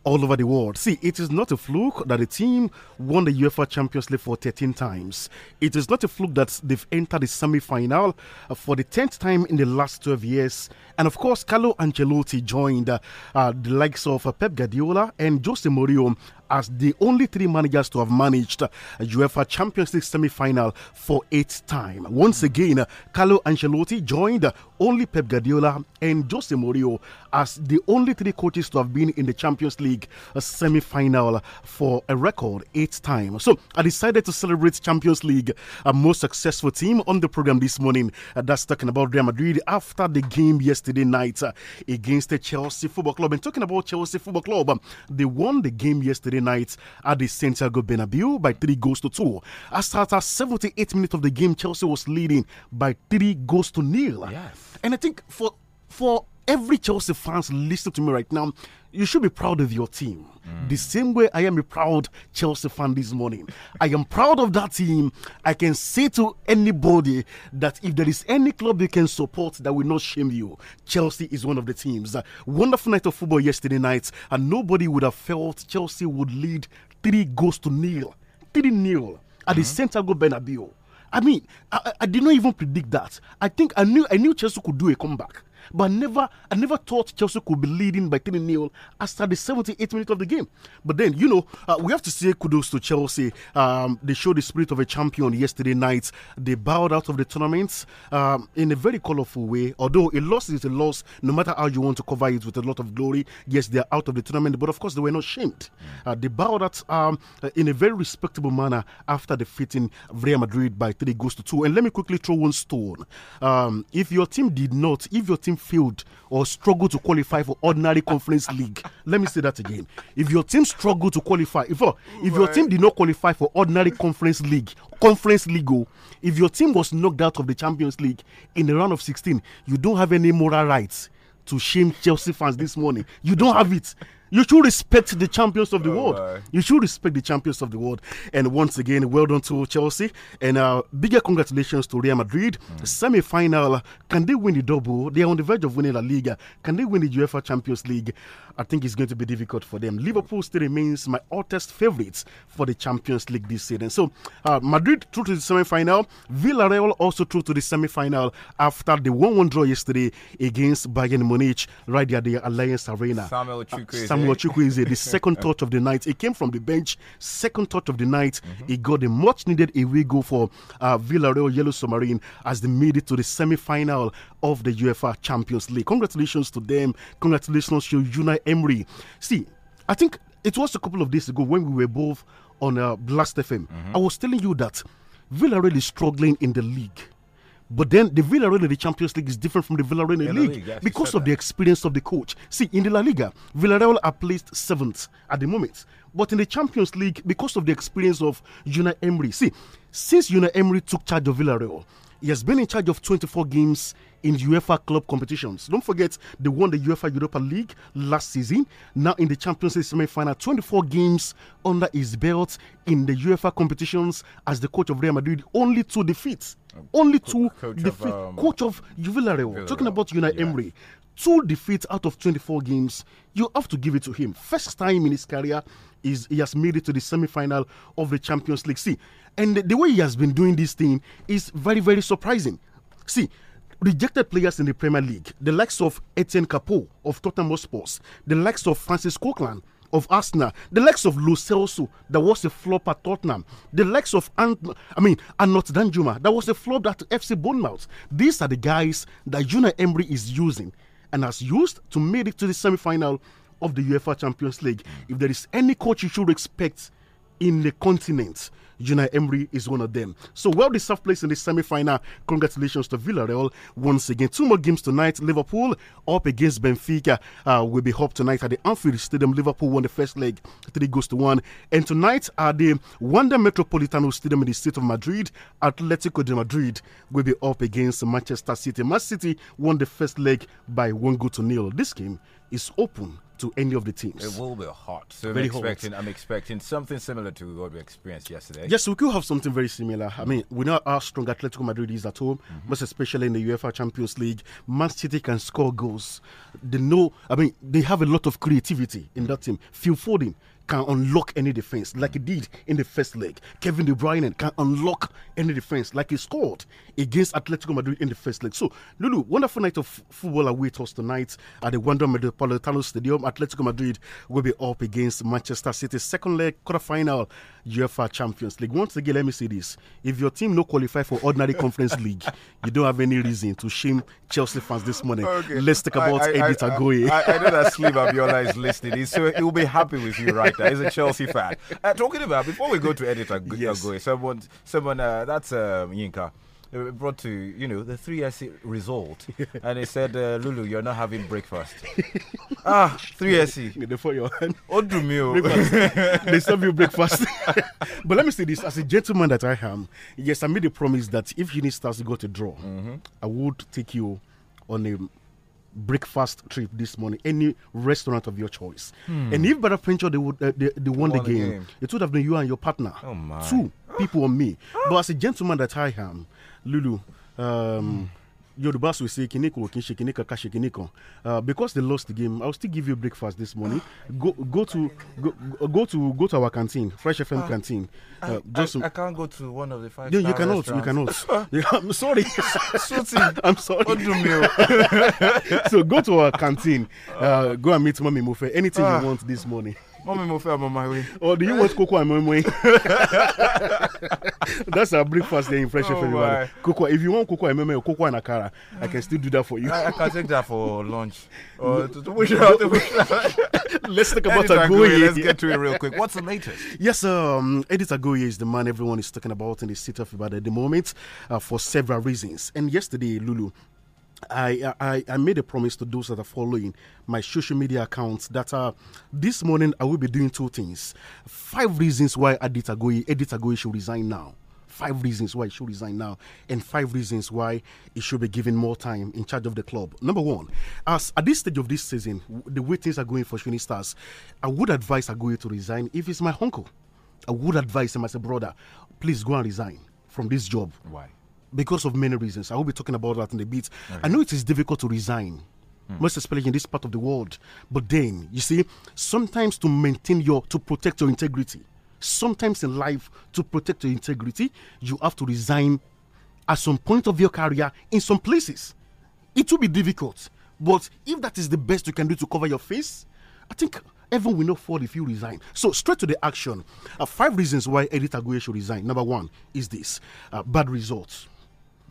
all over the world. See, it is not a fluke that the team won the UEFA Champions League for 13 times. It is not a fluke that they've entered the semi final for the 10th time in the last 12 years years. And of course, Carlo Ancelotti joined uh, uh the likes of uh, Pep Guardiola and Jose Mourinho as the only three managers to have managed UEFA Champions League semi-final for eight time. Once again, Carlo Ancelotti joined only Pep Guardiola and Jose Mourinho as the only three coaches to have been in the Champions League semi-final for a record eight time. So I decided to celebrate Champions League, a most successful team on the program this morning. Uh, that's talking about Real Madrid after the game yesterday night uh, against the Chelsea Football Club. And talking about Chelsea Football Club, uh, they won the game yesterday Friday night at the Santiago Bernabeu by three goals to two. As at 78 minutes of the game, Chelsea was leading by three goals to nil. Yes. And I think for for every Chelsea fans listening to me right now, you should be proud of your team. Mm. The same way I am a proud Chelsea fan this morning. I am proud of that team. I can say to anybody that if there is any club you can support that will not shame you, Chelsea is one of the teams. A wonderful night of football yesterday night, and nobody would have felt Chelsea would lead three goals to nil. Three nil at mm -hmm. the mm-hmm. Santiago Bernabeu. I mean, I, I did not even predict that. I think I knew I knew Chelsea could do a comeback. But I never, I never thought Chelsea could be leading by ten 0 after the 78th minute of the game. But then, you know, uh, we have to say kudos to Chelsea. Um, they showed the spirit of a champion yesterday night. They bowed out of the tournament um, in a very colorful way. Although a loss is a loss, no matter how you want to cover it with a lot of glory. Yes, they are out of the tournament, but of course, they were not shamed. Uh, they bowed out um, in a very respectable manner after defeating Real Madrid by three goals to two. And let me quickly throw one stone. Um, if your team did not, if your team field or struggle to qualify for ordinary conference league. Let me say that again. If your team struggle to qualify, if, uh, if your team did not qualify for ordinary conference league, conference league, oh, if your team was knocked out of the Champions League in the round of 16, you don't have any moral rights to shame Chelsea fans this morning. You don't have it. You should respect the champions of the oh world. You should respect the champions of the world. And once again, well done to Chelsea. And uh, bigger congratulations to Real Madrid. Mm. Semi final. Can they win the double? They are on the verge of winning La Liga. Can they win the UEFA Champions League? I think it's going to be difficult for them. Liverpool still remains my hottest favourites for the Champions League this season. So, uh, Madrid through to the semi final. Villarreal also through to the semi final after the 1 1 draw yesterday against Bayern Munich right there at the Alliance Arena. Samuel the second touch of the night. It came from the bench, second touch of the night. Mm He got a much needed away goal for uh, Villarreal Yellow Submarine as they made it to the semi final of the UEFA Champions League. Congratulations to them. Congratulations to Unai Emery. See, I think it was a couple of days ago when we were both on uh, Blast FM. Mm -hmm. I was telling you that Villarreal is struggling in the league. But then the Villarreal in the Champions League is different from the Villarreal in the league, league because of that. the experience of the coach. See, in the La Liga, Villarreal are placed seventh at the moment. But in the Champions League, because of the experience of Unai Emery, see, since Unai Emery took charge of Villarreal, he has been in charge of 24 games in UEFA club competitions. Don't forget, they won the UEFA Europa League last season. Now in the Champions League semi-final, 24 games under his belt in the UEFA competitions as the coach of Real Madrid. Only two defeats. Um, only two co defeats. um, coach of Villarreal. Talking about Unai yeah. Emery two defeats out of 24 games, you have to give it to him. First time in his career, is he has made it to the semi-final of the Champions League. See, and the, the way he has been doing this thing is very, very surprising. See, rejected players in the Premier League, the likes of Etienne Capo of Tottenham Sports, the likes of Francis Coquelin of Arsenal, the likes of Lo Celso, that was a flop at Tottenham, the likes of Ant I mean Anot Danjuma, that was a flop at FC Bournemouth. These are the guys that Juna Emery is using and has used to make it to the semi-final of the UEFA Champions League. If there is any coach you should expect in the continent Unai Emery is one of them. So well deserved place in the semi final. Congratulations to Villarreal once again. Two more games tonight. Liverpool up against Benfica uh, will be up tonight at the Anfield Stadium. Liverpool won the first leg, three goes to one. And tonight at the Wanda Metropolitano Stadium in the state of Madrid, Atletico de Madrid will be up against Manchester City. Man City won the first leg by one goal to nil. This game is open to any of the teams. It will be hot. So very I'm expecting, hot. I'm expecting something similar to what we experienced yesterday. Yes, we could have something very similar. I mean, we know how strong Atletico Madrid is at home, mm -hmm. most especially in the UEFA Champions League. Man City can score goals. They know. I mean, they have a lot of creativity in that team. Phil Foden can unlock any defense like he did in the first leg. Kevin De Bruyne can unlock any defense like he scored against Atletico Madrid in the first leg. So, Lulu, wonderful night of football awaits us tonight at the Wanda Metropolitano Stadium. Atletico Madrid will be up against Manchester City. Second leg quarterfinal UEFA Champions League. Once again, let me say this. If your team no qualify for ordinary conference league, you don't have any reason to shame Chelsea fans this morning. Okay. Let's talk about I, I, Edith I, Agoye. I, I, know that Slim Abiola is listening. So he will be happy with you right editor. He's a Chelsea fan. Uh, talking about before we go to editor, yes. Agoy, someone, someone uh, that's um, Yinka. Uh, brought to you know the three S result, and he said, uh, "Lulu, you're not having breakfast." ah, three S. Before your hand, they serve you breakfast. but let me say this: as a gentleman that I am, yes, I made a promise that if Uni starts to go to draw, mm -hmm. I would take you on a breakfast trip this morning, any restaurant of your choice. Hmm. And if by Pincho they would uh, they, they won, won, the, game, game, it would have been you and your partner. Oh my. Two people on me. Ah. but as a gentleman that I am, Lulu, um, hmm. Yoruba will say kiniko kin shekiniko ka shekiniko. Uh, because they lost the game, I'll still give you breakfast this morning. go go to go, go to go to our canteen, Fresh FM uh, ah. canteen. Uh, I, just I, I, can't go to one of the five. No, you cannot. You cannot. I'm sorry. I'm sorry. so go to our canteen. Uh, go and meet Mommy Mufe. Anything you ah. want this morning. Mommy mo fẹ́ ọmọ my way. Or do you want cocoa and moi That's our breakfast there in Fresh oh Cocoa. If you want cocoa and moi cocoa and akara, I can still do that for you. I, I can take that for lunch. Or Let's talk about Agoye. Let's get to it real quick. What's the latest? Yes, um, Edith Agoye is the man everyone is talking about in the city of Ibadan at the moment uh, for several reasons. And yesterday, Lulu, I, I, I made a promise to those that are following my social media accounts that uh, this morning I will be doing two things. Five reasons why Edith Agoye, Edith Agoye should resign now five reasons why he should resign now and five reasons why he should be given more time in charge of the club. Number one, as at this stage of this season, the way things are going for Shooting Stars, I would advise Agoye to resign if it's my uncle. I would advise him as a brother, please go and resign from this job. Why? because of many reasons. I will be talking about that in a bit. Okay. I know it is difficult to resign, mm. most especially in this part of the world. But then, you see, sometimes to maintain your, to protect your integrity, sometimes in life, to protect your integrity, you have to resign at some point of your career in some places. It will be difficult. But if that is the best you can do to cover your face, I think everyone will not fall if you resign. So, straight to the action. Uh, five reasons why Edith Aguirre should resign. Number one is this uh, bad results.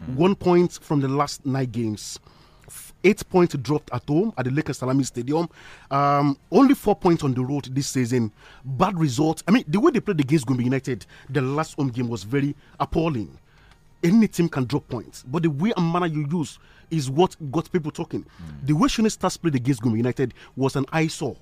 Mm. One point from the last nine games. Eight points dropped at home at the Lakers Salami Stadium. Um, only four points on the road this season. Bad result. I mean, the way they played against Gombe United, the last home game was very appalling any team can drop points, but the way and manner you use is what got people talking. Mm. The way Shooting Stars played against Gombe United was an eyesore.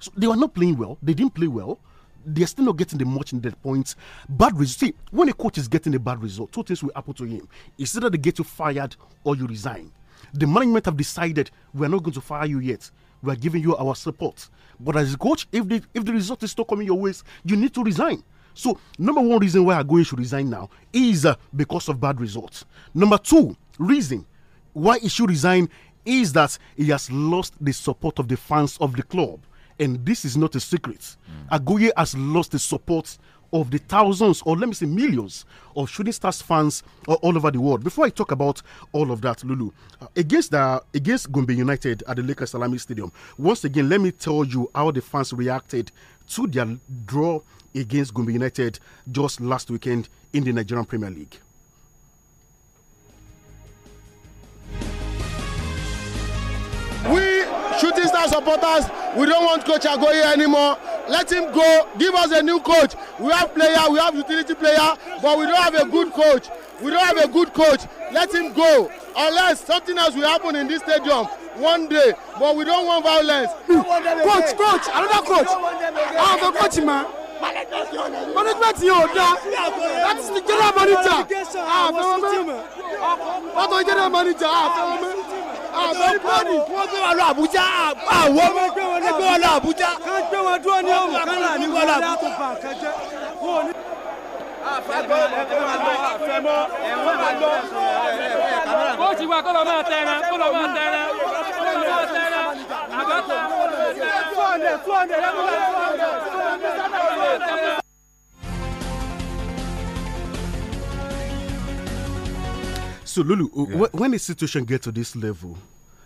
So they were not playing well. They didn't play well they're still not getting the much needed points. Bad result. See, when a coach is getting a bad result, two things will happen to him. It's either they get you fired or you resign. The management have decided we're not going to fire you yet. We are giving you our support. But as a coach, if the if the result is still coming your ways, you need to resign. So number one reason why Agoye should resign now is uh, because of bad results. Number two reason why he should resign is that he has lost the support of the fans of the club and this is not a secret. Mm. Aguye has lost the support of the thousands, or let me say millions, of shooting stars fans uh, all over the world. Before I talk about all of that, Lulu, uh, against the against Gombe United at the Lakers Salami Stadium, once again, let me tell you how the fans reacted to their draw against Gombe United just last weekend in the Nigerian Premier League. Shooting Star supporters, we don't want Coach Agoye anymore. Let him go. Give us a new coach. We have player, we have utility player, but we don't have a good coach. We don't have a good coach. Let him go. Unless something else will happen in this stadium one day, but we don't want violence. Don't want coach, coach, another coach. I have a coach, man management yìí ò da that is the general manager àfẹwọmẹ ah, ọtọ general manager àfẹwọmẹ ah, àfẹwọmẹ wọn gbé ah, wa lọ Àbújá àwọ ẹ gbé wa lọ Àbújá. ká gbé wọn dúró ní ọmọ kan là ní wọlé àtúbà kẹjẹ. ó ti wá kó lọ máa tẹran kó lọ máa tẹran kó lọ máa tẹran àbátan. two hundred two hundred. So Lulu, uh, yeah. when a situation gets to this level,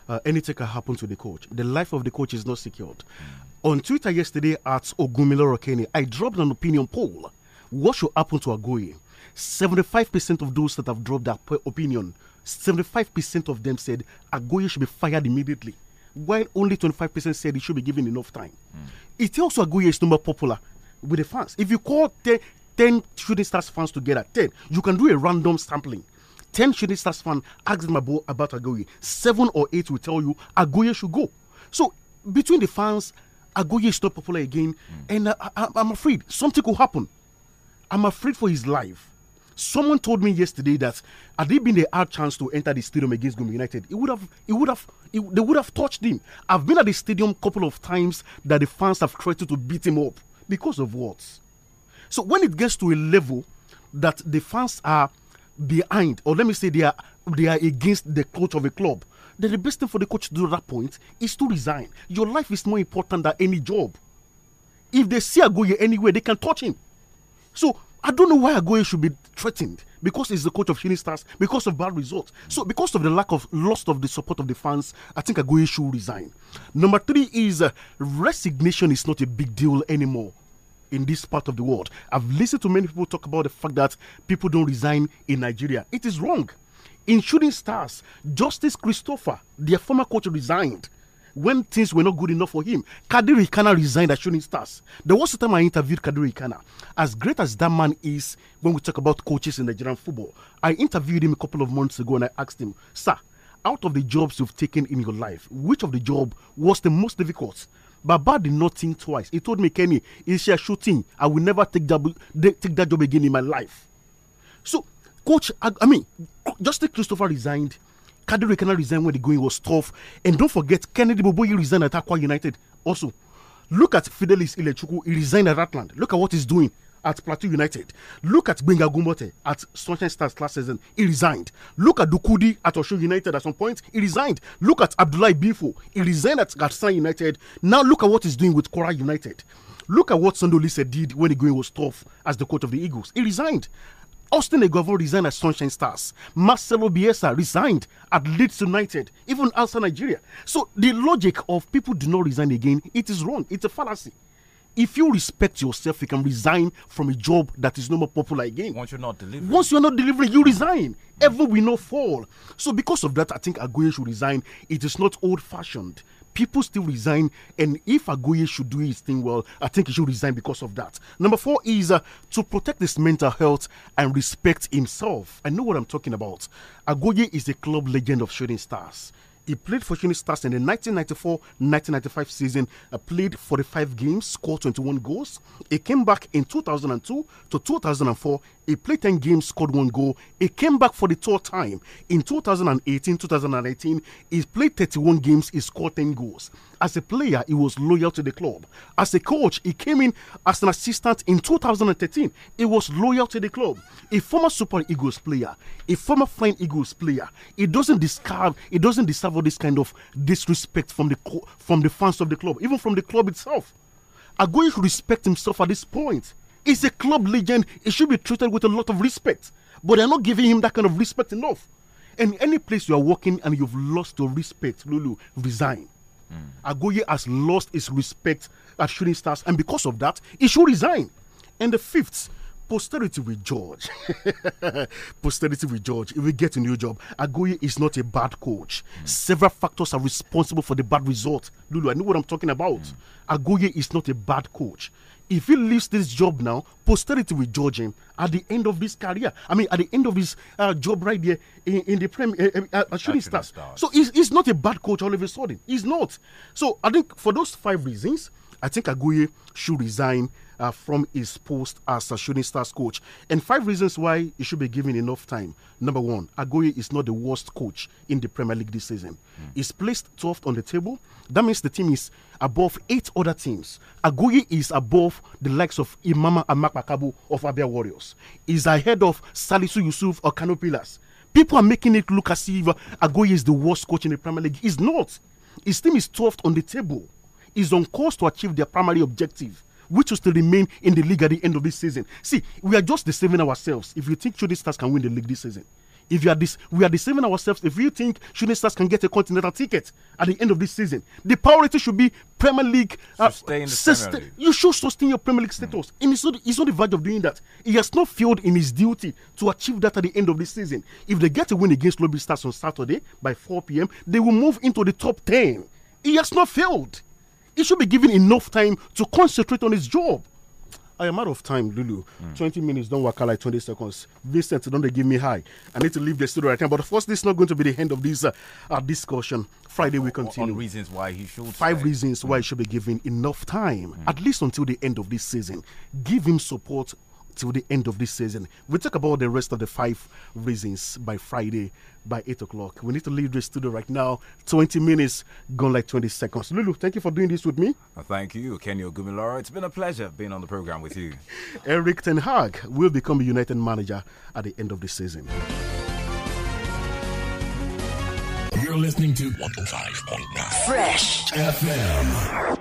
uh, anything can happen to the coach. The life of the coach is not secured. Hmm. On Twitter yesterday at Ogumiloro Kenny, I dropped an opinion poll. What should happen to Agoye? 75% of those that have dropped that opinion, 75% of them said Agoye should be fired immediately, while only 25% said he should be given enough time. Mm. It also Agoye is no more popular with the fans. If you call 10, 10 shooting stars fans together, 10, you can do a random sampling. 10 shooting stars fans ask them about, about Agoye. Seven or eight will tell you Agoye should go. So between the fans, Agoye is not popular again. Mm. And uh, I, I'm afraid something could happen. I'm afraid for his life. Someone told me yesterday that had it been the hard chance to enter the stadium against Gombe United, it would have, it would have, it, they would have touched him. I've been at the stadium a couple of times that the fans have tried to, to beat him up. Because of what? So when it gets to a level that the fans are behind, or let me say they are they are against the coach of a club, then the best thing for the coach to do at that point is to resign. Your life is more important than any job. If they see Agoye anywhere, they can touch him. So I don't know why Agoye should be threatened because he's the coach of Shooting Stars, because of bad results. So because of the lack of loss of the support of the fans, I think Agoye should resign. Number three is uh, resignation is not a big deal anymore in this part of the world. I've listened to many people talk about the fact that people don't resign in Nigeria. It is wrong. In Shooting Stars, Justice Christopher, their former coach, resigned when things were not good enough for him. Kadir Ikana resigned as shooting stars. There was a time I interviewed Kadir Ikana. As great as that man is when we talk about coaches in Nigerian football, I interviewed him a couple of months ago and I asked him, Sir, out of the jobs you've taken in your life, which of the job was the most difficult? Baba did not think twice. He told me, Kenny, it's a shooting. I will never take that, take that job again in my life. So, coach, I, I mean, Justin Christopher resigned Kadri cannot resigned when the going was tough. And don't forget, Kennedy Boboyi resigned at Aqua United also. Look at Fidelis Ilechuku, he resigned at Ratland. Look at what he's doing at Plateau United. Look at Benga Gumbote at Sunshine Stars last season. He resigned. Look at Dukudi at Osho United at some point. He resigned. Look at Abdullah Bifo. He resigned at Gatsan United. Now look at what he's doing with Kora United. Look at what Sandolise did when the going was tough as the coach of the Eagles. He resigned. Austin Eguavow resigned at Sunshine Stars. Marcelo Bielsa resigned at Leeds United, even outside Nigeria. So the logic of people do not resign again, it is wrong. It's a fallacy if you respect yourself, you can resign from a job that is no more popular again. Once you're not delivering. Once you're not delivering, you resign. Ever will not fall. So because of that, I think Agoye should resign. It is not old-fashioned. People still resign, and if Agoye should do his thing well, I think he should resign because of that. Number four is uh, to protect his mental health and respect himself. I know what I'm talking about. Agoye is a club legend of shooting stars. He played for Shooting Stars in the 1994-1995 season. Uh, played 45 games, scored 21 goals. He came back in 2002 to 2004 he played 10 games, scored one goal. He came back for the third time. In 2018 2019, he played 31 games, he scored 10 goals. As a player, he was loyal to the club. As a coach, he came in as an assistant in 2013. He was loyal to the club. A former Super Eagles player, a former Flying Eagles player. He doesn't deserve. he doesn't deserve all this kind of disrespect from the from the fans of the club, even from the club itself. Agoye should respect himself at this point. He's a club legend. He should be treated with a lot of respect. But they're not giving him that kind of respect enough. And any place you are working and you've lost your respect, Lulu, resign. Mm. Agoye has lost his respect at shooting stars, and because of that, he should resign. And the fifth, posterity with George. posterity with George. If we get a new job, Agoye is not a bad coach. Mm. Several factors are responsible for the bad result. Lulu, I know what I'm talking about. Mm. Agoye is not a bad coach if he leaves this job now, posterity will judge him at the end of his career. I mean, at the end of his uh, job right there in, in the Premier uh, eh, uh, Shooting Stars. So he's, he's not a bad coach all of a sudden. He's not. So I think for those five reasons, I think Aguye should resign uh, from his post as a shooting stars coach. And five reasons why he should be given enough time. Number one, Agoye is not the worst coach in the Premier League this season. Mm. He's placed 12th on the table. That means the team is above eight other teams. Agoye is above the likes of Imama Amakpakabu of Abia Warriors. He's ahead of Salisu Yusuf or Kano Pillars. People are making it look as if Agoye is the worst coach in the Premier League. He's not. His team is 12th on the table. He's on course to achieve their primary objective which will still remain in the league at the end of this season. See, we are just deceiving ourselves if you think Shooting Stars can win the league this season. If you are this, we are deceiving ourselves. If you think Shooting Stars can get a continental ticket at the end of this season, the priority should be Premier League. Uh, sustain sustain, Premier League. You should sustain your Premier League status, mm. and he's not, he's not the verge of doing that. He has not failed in his duty to achieve that at the end of this season. If they get a win against Lobby Stars on Saturday by 4 p.m., they will move into the top 10. He has not failed. He should be given enough time to concentrate on his job. I am out of time, Lulu. Mm. 20 minutes don't work out like 20 seconds. Vincent, don't they give me high. I need to leave the studio right now. But of course, this is not going to be the end of this uh, uh, discussion. Friday, we continue. On reasons why he should. Five stay. reasons mm. why he hmm. should be given enough time, mm. at least until the end of this season. Give him support till the end of this season. we talk about the rest of the five reasons by Friday by 8 o'clock. We need to leave the studio right now. 20 minutes gone like 20 seconds. Lulu, thank you for doing this with me. Uh, thank you, Kenny Ogumiloro. It's been a pleasure being on the program with you. Eric Ten Hag will become a United manager at the end of the season. You're listening to 105.9 Fresh FM.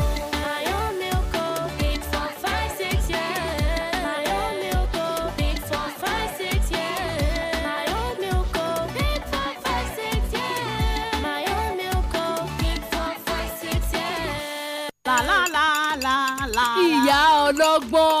Dog boy.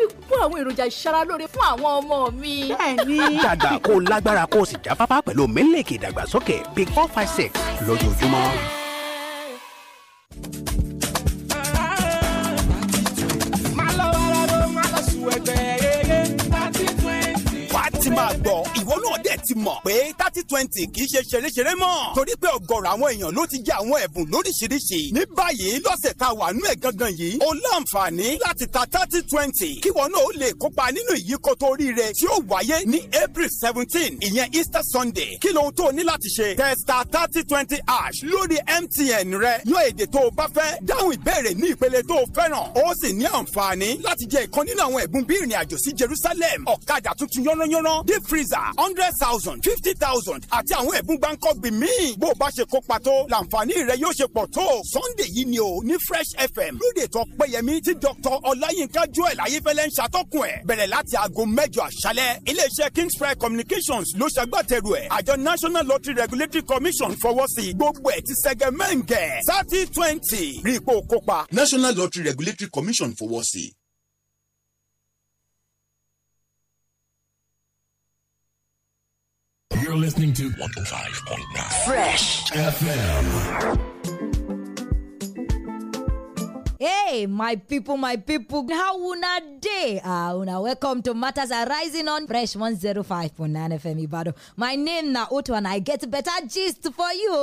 fi kún àwọn èròjà ìṣaralóore fún àwọn ọmọ mi. bẹ́ẹ̀ni. dàgbà kó lágbára kó o sì jáfáfá pẹ̀lú mílíkì ìdàgbàsókè big four five six lójoojúmọ́. máa lọ wàrà ló máa lọ sùn ẹgbẹ́ yẹ́yẹ́ wàá ti máa gbọ́ ìwọ náà dẹ̀ ti mọ̀ pé thirty twenty kì í ṣe ṣeréṣeré mọ́ torí pé ọ̀gọ̀rọ̀ àwọn èèyàn ló ti jẹ àwọn ẹ̀bùn lóríṣiríṣi ní báyìí lọ́sẹ̀ tá a wà nú ẹ̀ gangan yìí o láǹfààní láti ta thirty twenty kí wọn náà lè kópa nínú ìyíkọ́tọ̀ oríire tí ó wáyé ní April seventeen ìyẹn Easter Sunday kí lohun tó o ní láti ṣe testa thirty twenty ash lórí MTN rẹ yan èdè tó o bá fẹ́ dáhùn ìbéèrè ní ìpele tó o fẹ́ràn yánnayànna deep freezer hundred thousand fifty thousand àti àwọn ẹ̀bùn gbáǹkọ́gbì míì bó o bá ṣe kópa tó làǹfààní rẹ yóò ṣe pọ̀ tó sunday yìí ni o ní fresh fm lóde tó péyẹmí tí dr ọláyínká joel ayéfẹ́lẹ́ ń ṣàtọ́kùn ẹ̀ bẹ̀rẹ̀ láti aago mẹ́jọ àṣálẹ́ iléeṣẹ́ kingsfry communications ló ṣàgbàtẹ̀rù ẹ̀ àjọ national lottery regulatory commission fọwọ́ sí gbogbo ẹ̀ ti sẹ́gẹ̀ mẹ́ǹgẹ̀ thirty twenty rí ipò kópa. national lottery regulatory commission fọwọ́ sí. You're listening to 105.9 Fresh FM. Hey, my people, my people, how una day? Ah, una welcome to Matters Arising on Fresh 105.9 FM Ibado. My name na Otto and I get better gist for you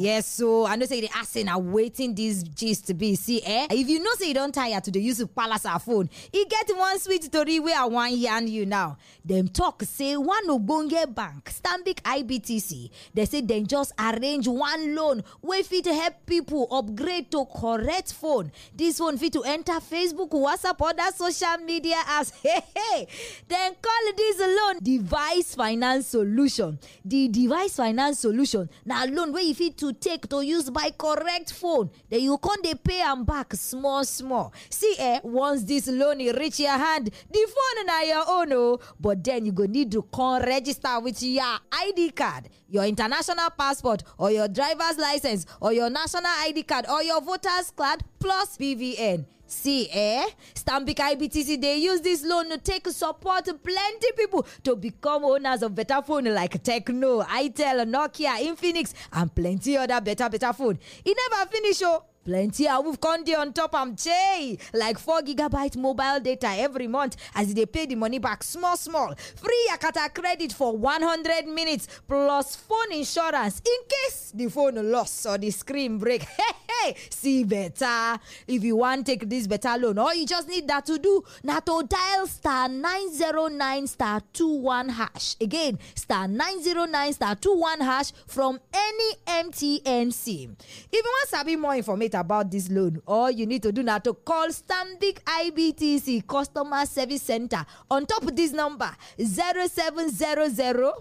yes so i know say the dey are waiting this gist to be see eh if you know say you don't tire to the use palace our phone you get one sweet story where i want yarn you now them talk say one ogbonge bank Stambik ibtc They say they just arrange one loan wey fit help people upgrade to correct phone this phone fit to enter facebook whatsapp other social media as hey hey Then call this loan device finance solution The device finance solution now loan where you fit to you take to use by correct phone then you can't. They pay and back small small see eh once this loan reach your hand the phone na your own oh. but then you go need to con register with your id card your international passport or your drivers licence or your national id card or your voters card plus bvn See, eh? Stambika IBTC, they use this loan to take support plenty people to become owners of better phone like Techno, Itel, Nokia, Infinix, and plenty other better, better phone. It never finish, oh plenty of con dey on top am jay like 4 gigabyte mobile data every month as they pay the money back small small free akata credit for 100 minutes plus phone insurance in case the phone lost or the screen break hey hey see better if you want take this better loan all you just need that to do na to dial star 909 star 21 hash again star 909 star 21 hash from any mtn sim if you to be more information about this loan, all you need to do now to call Stanbic IBTC Customer Service Center on top of this number 0700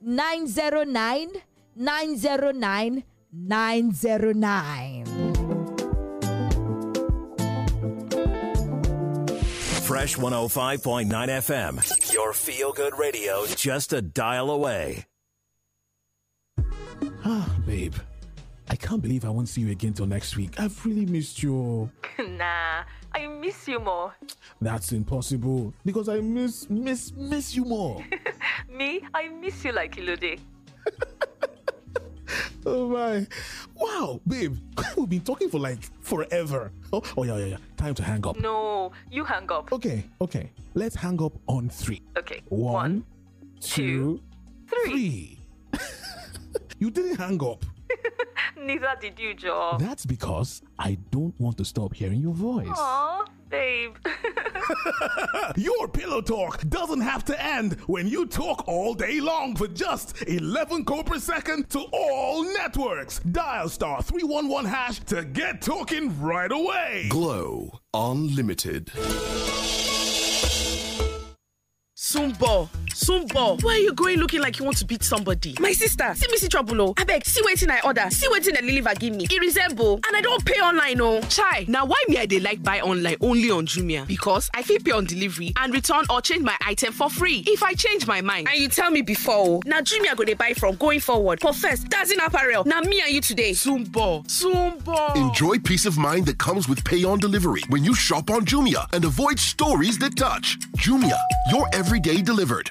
909 909 909. Fresh 105.9 FM, your feel good radio, just a dial away. Ah, babe. I can't believe I won't see you again till next week. I've really missed you. nah, I miss you more. That's impossible because I miss, miss, miss you more. Me, I miss you like Ilude. oh my. Wow, babe, we've been talking for like forever. Oh, oh, yeah, yeah, yeah. Time to hang up. No, you hang up. Okay, okay. Let's hang up on three. Okay. One, One two, two, three. three. you didn't hang up. Neither did you, Joe. That's because I don't want to stop hearing your voice. Aww, babe. your pillow talk doesn't have to end when you talk all day long for just 11 co per second to all networks. Dial star 311 hash to get talking right away. Glow Unlimited. Sumbo sunbo why are you going looking like you want to beat somebody my sister see me see trouble I oh. abeg see waiting i order see waiting that deliver give me e resemble and i don't pay online no. Oh. chai now why me i dey like buy online only on jumia because i fit pay on delivery and return or change my item for free if i change my mind. and you tell me before oh, Now jumia go dey buy from going forward for first dazin apparel Now me and you today. sunbo sunbo. enjoy peace of mind that comes with pay on delivery when you shop on jumia and avoid stories that touch jumia your everyday delivered.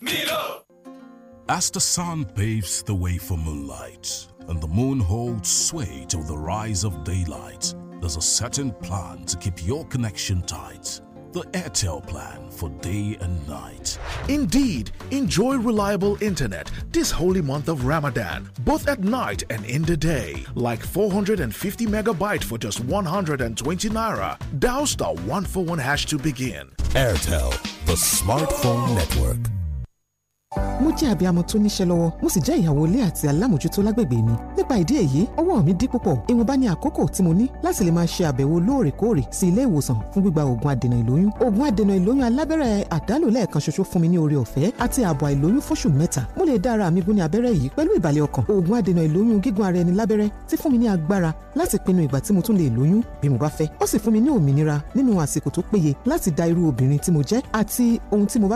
Milo! As the sun paves the way for moonlight and the moon holds sway till the rise of daylight, there's a certain plan to keep your connection tight the Airtel plan for day and night. Indeed, enjoy reliable internet this holy month of Ramadan, both at night and in the day. Like 450 megabyte for just 120 naira. Dial star one for one hash to begin. Airtel, the smartphone network. mo jẹ́ abiyamọ tó níṣẹ́ lọ́wọ́ mo sì jẹ́ ìyàwó ilé àti alámòjútó lágbègbè mi nípa ìdí èyí ọwọ́ mi dí púpọ̀ ìwọ̀nba ni àkókò tí mo ní láti lè máa ṣe àbẹ̀wò lóòrèkóòrè sí ilé ìwòsàn fún gbígba oògùn adènà ìlóyún oògùn adènà ìlóyún alábẹ́rẹ́ àdálò lẹ́ẹ̀kan ṣoṣo fún mi ní oore ọ̀fẹ́ àti ààbò àìlóyún fóṣù mẹ́ta mo lè dá ara mi gún ní abẹ́rẹ́ yìí pẹ̀lú ìbàlẹ̀ ọkàn oògùn adènà ìlóyún gígùn ara ẹni lábẹ́rẹ́ ti fún mi ní agbára láti pinnu ìgbà tí mo tún lè lóyún bí mo bá fẹ́ ó sì fún mi ní òmìnira nínú àsìkò tó péye láti dá irú obìnrin tí mo jẹ́ àti ohun tí mo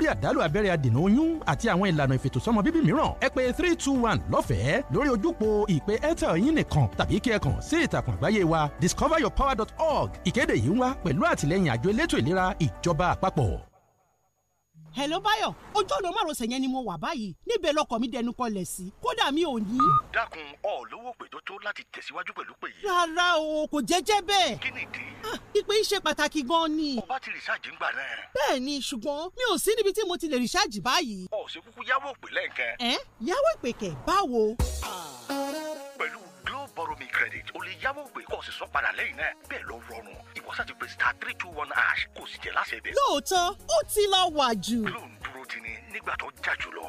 lórí àdálù abẹ́rẹ́ adènà oyún àti àwọn ìlànà ìfètòsọ́mọ bíbí mìíràn ẹ pè three two one lọ́fẹ̀ẹ́ lórí ojúpo ìpè airtel yín nìkan tàbí kí ẹ kàn sí ìtàkùn àgbáyé wa discoveryourpower.org ìkéde yìí ń wá pẹ̀lú àtìlẹ́yìn àjọ elétò ìlera ìjọba àpapọ̀ hello Báyọ̀ ojú ọ̀nà márosẹ̀ yẹn ni mo wà báyìí níbẹ̀ lọkọ̀ mi dẹnu kọlẹ̀ sí kódà mi ò ní. dákun ọ lówó pé tó tó láti tẹ̀síwájú pẹ̀lú pé yìí. rárá o kò jẹ́jẹ́ bẹ́ẹ̀. kí ni ìdí. Ah, ìpè yìí ṣe pàtàkì gan-an ni. o bá ti rìsáàjì ń gbà náà. bẹ́ẹ̀ ni ṣùgbọ́n mi ò sí níbi tí mo ti lè rìsáàjì báyìí. ọ̀ ṣe kúkú yáwó ìpè lẹ́ǹkan. ẹ yáwó ìpè kẹ̀ báwo. pẹ̀lú borrow me credit o lè yáwó gbé kó o sì san padà lẹ́yìn náà bẹ́ẹ̀ ló rọrùn ìwọ sá ti pè star three two one ash kó sì jẹ́ láṣẹ bẹ́ẹ̀. lóòótọ́ ó ti lọ wà jù. glo ń dúró ti ni nígbà tó jà jù lọ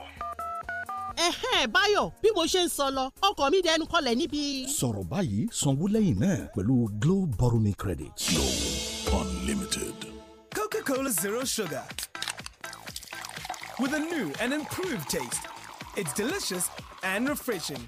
ẹ̀hẹ́n bí mo ṣe ń sọ lọ ọkọ̀ mi dẹnu kọlẹ̀ níbí. sọ̀rọ̀ báyìí sanwó lẹ́yìn náà pẹ̀lú Glo borrow me credit. Glo unlimited. Coca-Cola Zero Sugar with a new and improved taste. It's delicious and refreshing.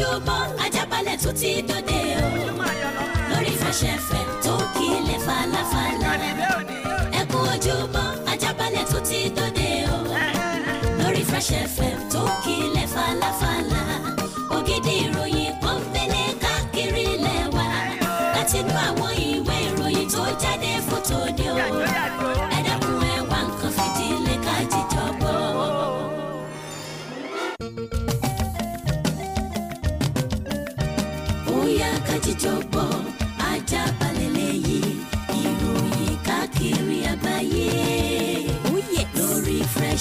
ojúbọ ajábalẹ̀ tó ti dòde o lórí fẹsẹ̀fẹ̀ tó kílẹ̀ falafala ẹ kú ojúbọ ajábalẹ̀ tó ti dòde o lórí fẹsẹ̀fẹ̀ tó kílẹ̀ falafala.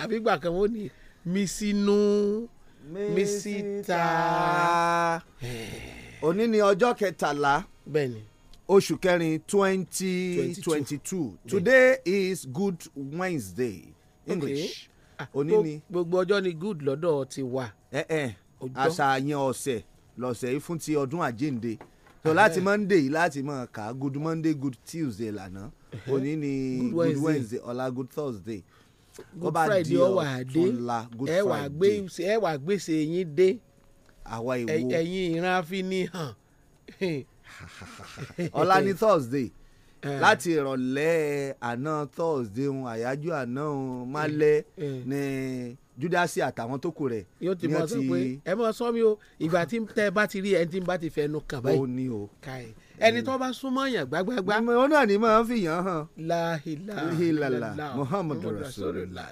tàbí ìgbà kan wọ́n ní mi sínú òní ni ọjọ́ kẹtàlá oṣù kẹrin twenty twenty two today is good Wednesday English ah, òní ni. gbogbo ọjọ́ ni good lọ́dọ̀ ti wà. ẹ ẹ àṣàyàn ọ̀sẹ̀ lọ́sẹ̀ yìí fún ti ọdún àjíǹde so láti monday láti mọ̀ ká good monday good tuesday lànà òní ni good wednesday ọ̀la good thursday good friday ọwà dé ẹ wà gbé ẹ wà gbèsè yín dé ẹ̀yin ìran afinihàn. ọ̀la ni thursday eh. láti ìrọ̀lẹ́ àná thursday ohun àyájọ́ àná ohun málẹ̀ eh, eh. ni judasi àtàwọn tó kù rẹ̀. yóò ti mọ sọ pé ẹ mọ sọ mi o ìgbà tí tẹ bá ti rí ẹni tí n bá ti fẹnu kàn báyìí. ó ní o. káyìí ẹni tó bá súnmọ́ yàn gbágbágbá. ó náà ni màá fi yàn hàn. láhìlá muhammadu rasulullah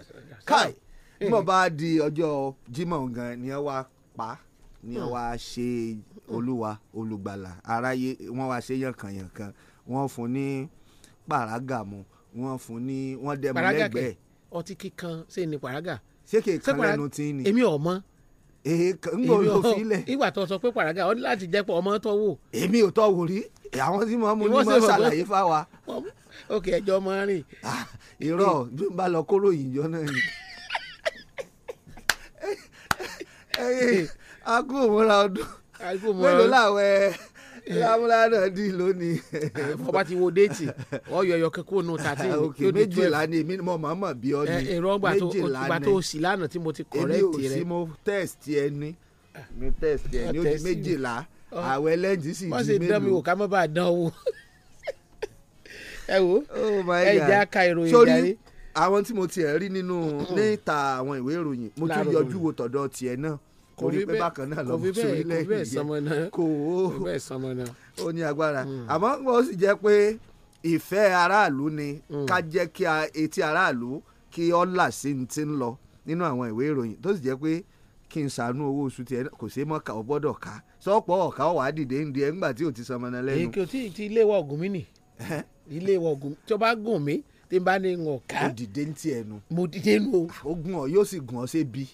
kai eh. mo bá di ọjọ́ Jímọ̀ gan ni ẹ wá pa ni ẹ hmm. wá ṣe hmm. olúwa olùgbàlà aráyé wọ́n wá ṣe yànkànyànkàn wọ́n fún ní pàrágàmù wọ́n fún ní wọ́n dẹmu lẹ́gbẹ̀ẹ́. ọtí kíkan ṣe ni pàrágà. ṣé kì í kan lẹ́nu tí ń ni. èmi ò mọ̀ èèkàn ń gbòòrò filẹ̀. ìgbà tó sọ pé pàràgà ọ láti jẹ́ pé ọmọ tó wò. èmi ò tọ́ wò rí àwọn tí mo mú ni mo ṣàlàyé fáwa. ok ẹjọ máa rìn. irọ́ bí n bá lọ kóró ìjọ náà ni. a kú òmùra ọdún mélòó làwọn eh. lámúlá náà dì lónìí. ọba ti wo déètì ọyọ ẹyọ kẹkọ nù tàtí ok méjìlá ni èmi mọ màmá bí ọ ni méjìlá eh, ni eh, ìgbà tó sì lánàá tí mo ti kọrẹ́ẹ̀tì rẹ. èmi ò sí mo tẹ́ẹ̀sì ẹni ah. mo tẹ́ẹ̀sì ẹni ó di méjìlá àwẹ̀ lẹ́ǹtì sì di mélòó. wọ́n ṣe dán mi wò ká má bàa dán wò ẹ wò oh ẹ jẹ́ ká ìròyìn jáde. àwọn tí mo tiẹ̀ rí nínú níta àwọn ìwé ìròyìn mo tún yọjú wo tọ̀dọ̀ tiẹ̀ náà kò rí pé bákan náà lọ sí orílẹ̀ èdè kò ó ní agbára hmm. àmọ́ ó sì jẹ́ pé ìfẹ́ aráàlú ni hmm. ká jẹ́ kí etí aráàlú kí ọ́ là sí ti ń lọ nínú àwọn ìwé ìròyìn tó sì jẹ́ pé kí n sànú owó oṣù tiẹ̀ kò ṣeé mọ́ ká ọ gbọ́dọ̀ ká sọ́pọ̀ ọ̀ká ọ̀wá dìde ń di ẹ̀ ńgbà tí ò ti sanmọ́ náà lẹ́nu. èkó tí ti ilé wọ̀ gùn mí nì ilé wọ̀ gùn tí ó bá gùn mí tí n bá ní ń ọ̀ká. mo dìde ń tiẹ̀ nu. mo dìde nu o. ó gùn ọ yóò sì gùn ọ sébi.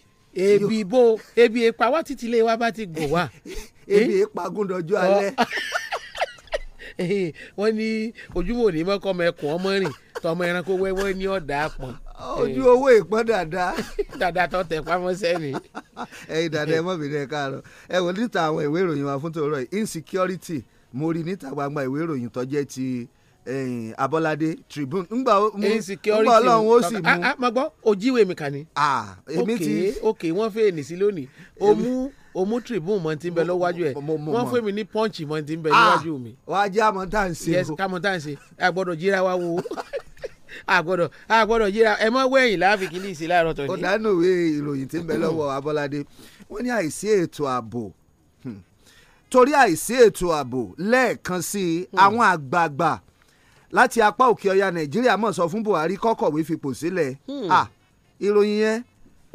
ebi bo, ebi epa wá títí ilé wa bá ti gùn wá. ebi eh? epa gúndọjú alẹ́ eh, wọ́n ní ojúmọ̀ òní mọ́kọ́ ọmọ ẹkùn ọmọ rìn tọmọ ẹranko wẹ́wẹ́ ní ọ̀dà pọ̀n ojú eh. owó ìpọ́n dada. dada tó tẹ pamọ́ sẹ́ni. ẹyin dada ẹ mọ̀ mí ní ẹ̀ka àárọ̀ ẹ wò níta àwọn ìwé ìròyìn wa fún tòrọ yìí insecurity mo rí níta gbangba ìwé ìròyìn tó jẹ́ ti eh, Abọ́ládé Tribune ńgbà Ọlọ́run ó sì mú. Ah, ah, mo gbọ́ ojíwèé mi kàn ní. èmi ti ok wọ́n fèé nìsí lónìí o mú omu tribune mọ ti ń bẹ lọ́wájú ẹ̀ wọ́n fún mi ní punch mọ ti ń bẹ lọ́wájú mi. wàá jẹ́ àmọ́ tá à ń ṣe yes kámọ́ tá à ń ṣe a gbọ́dọ̀ jíra wa wo. àgbọ̀dọ̀ àgbọ̀dọ̀ yíra ẹ mọ́ wẹ̀yìn láàfin kí ní ìsìn láàárọ̀ tó ní. ọ̀dánù ìwé ìròyìn tí ń bẹ lọ́wọ́ Abọ́ládé wọ́n ní àìsí ètò ààbò hmm. torí àìsí ètò ààbò lẹ́ẹ̀kan sí i hmm. àwọn àgbààgbà láti apá òkè ọya Nàìjíríà mọ̀ sọ fún Buhari kọ́kọ̀wé fipò sílẹ̀ hmm. ìròyìn yẹn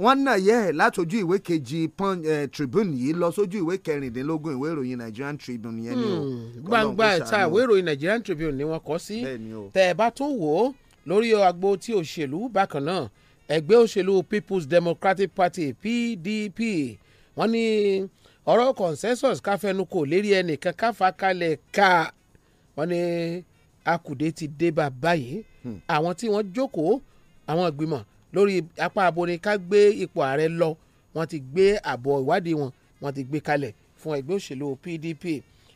wọ́n nà yẹ ẹ̀ ìwé kejì pon eh, Tribune yìí lọ sójú ìwé kẹrìndínlógún ìwé ìròyìn Nigerian Tribune yẹn ni o. gbangba ìta ìwé ìròyìn Nigerian Tribune ni wọ́n kọ sí tẹ̀ ẹ̀ bá tó wò ó lórí agbo tí òṣèlú bákan náà ẹgbẹ́ òṣèlú People's Democratic Party PDP wọ́n ní ọ̀rọ̀ consensus káfẹ́nukò lérí ẹnìkan káfa kalẹ̀ ká wọ́n ní akùdé ti dé bá báyìí hmm. àwọn tí wọ́n jókòó àwọn ìgbìmọ̀ lórí apá abo ni ká gbé ipò ààrẹ lọ wọ́n ti gbé àbọ̀ ìwádìí wọn wọ́n ti gbé kalẹ̀ fún ẹgbẹ́ òṣèlú PDP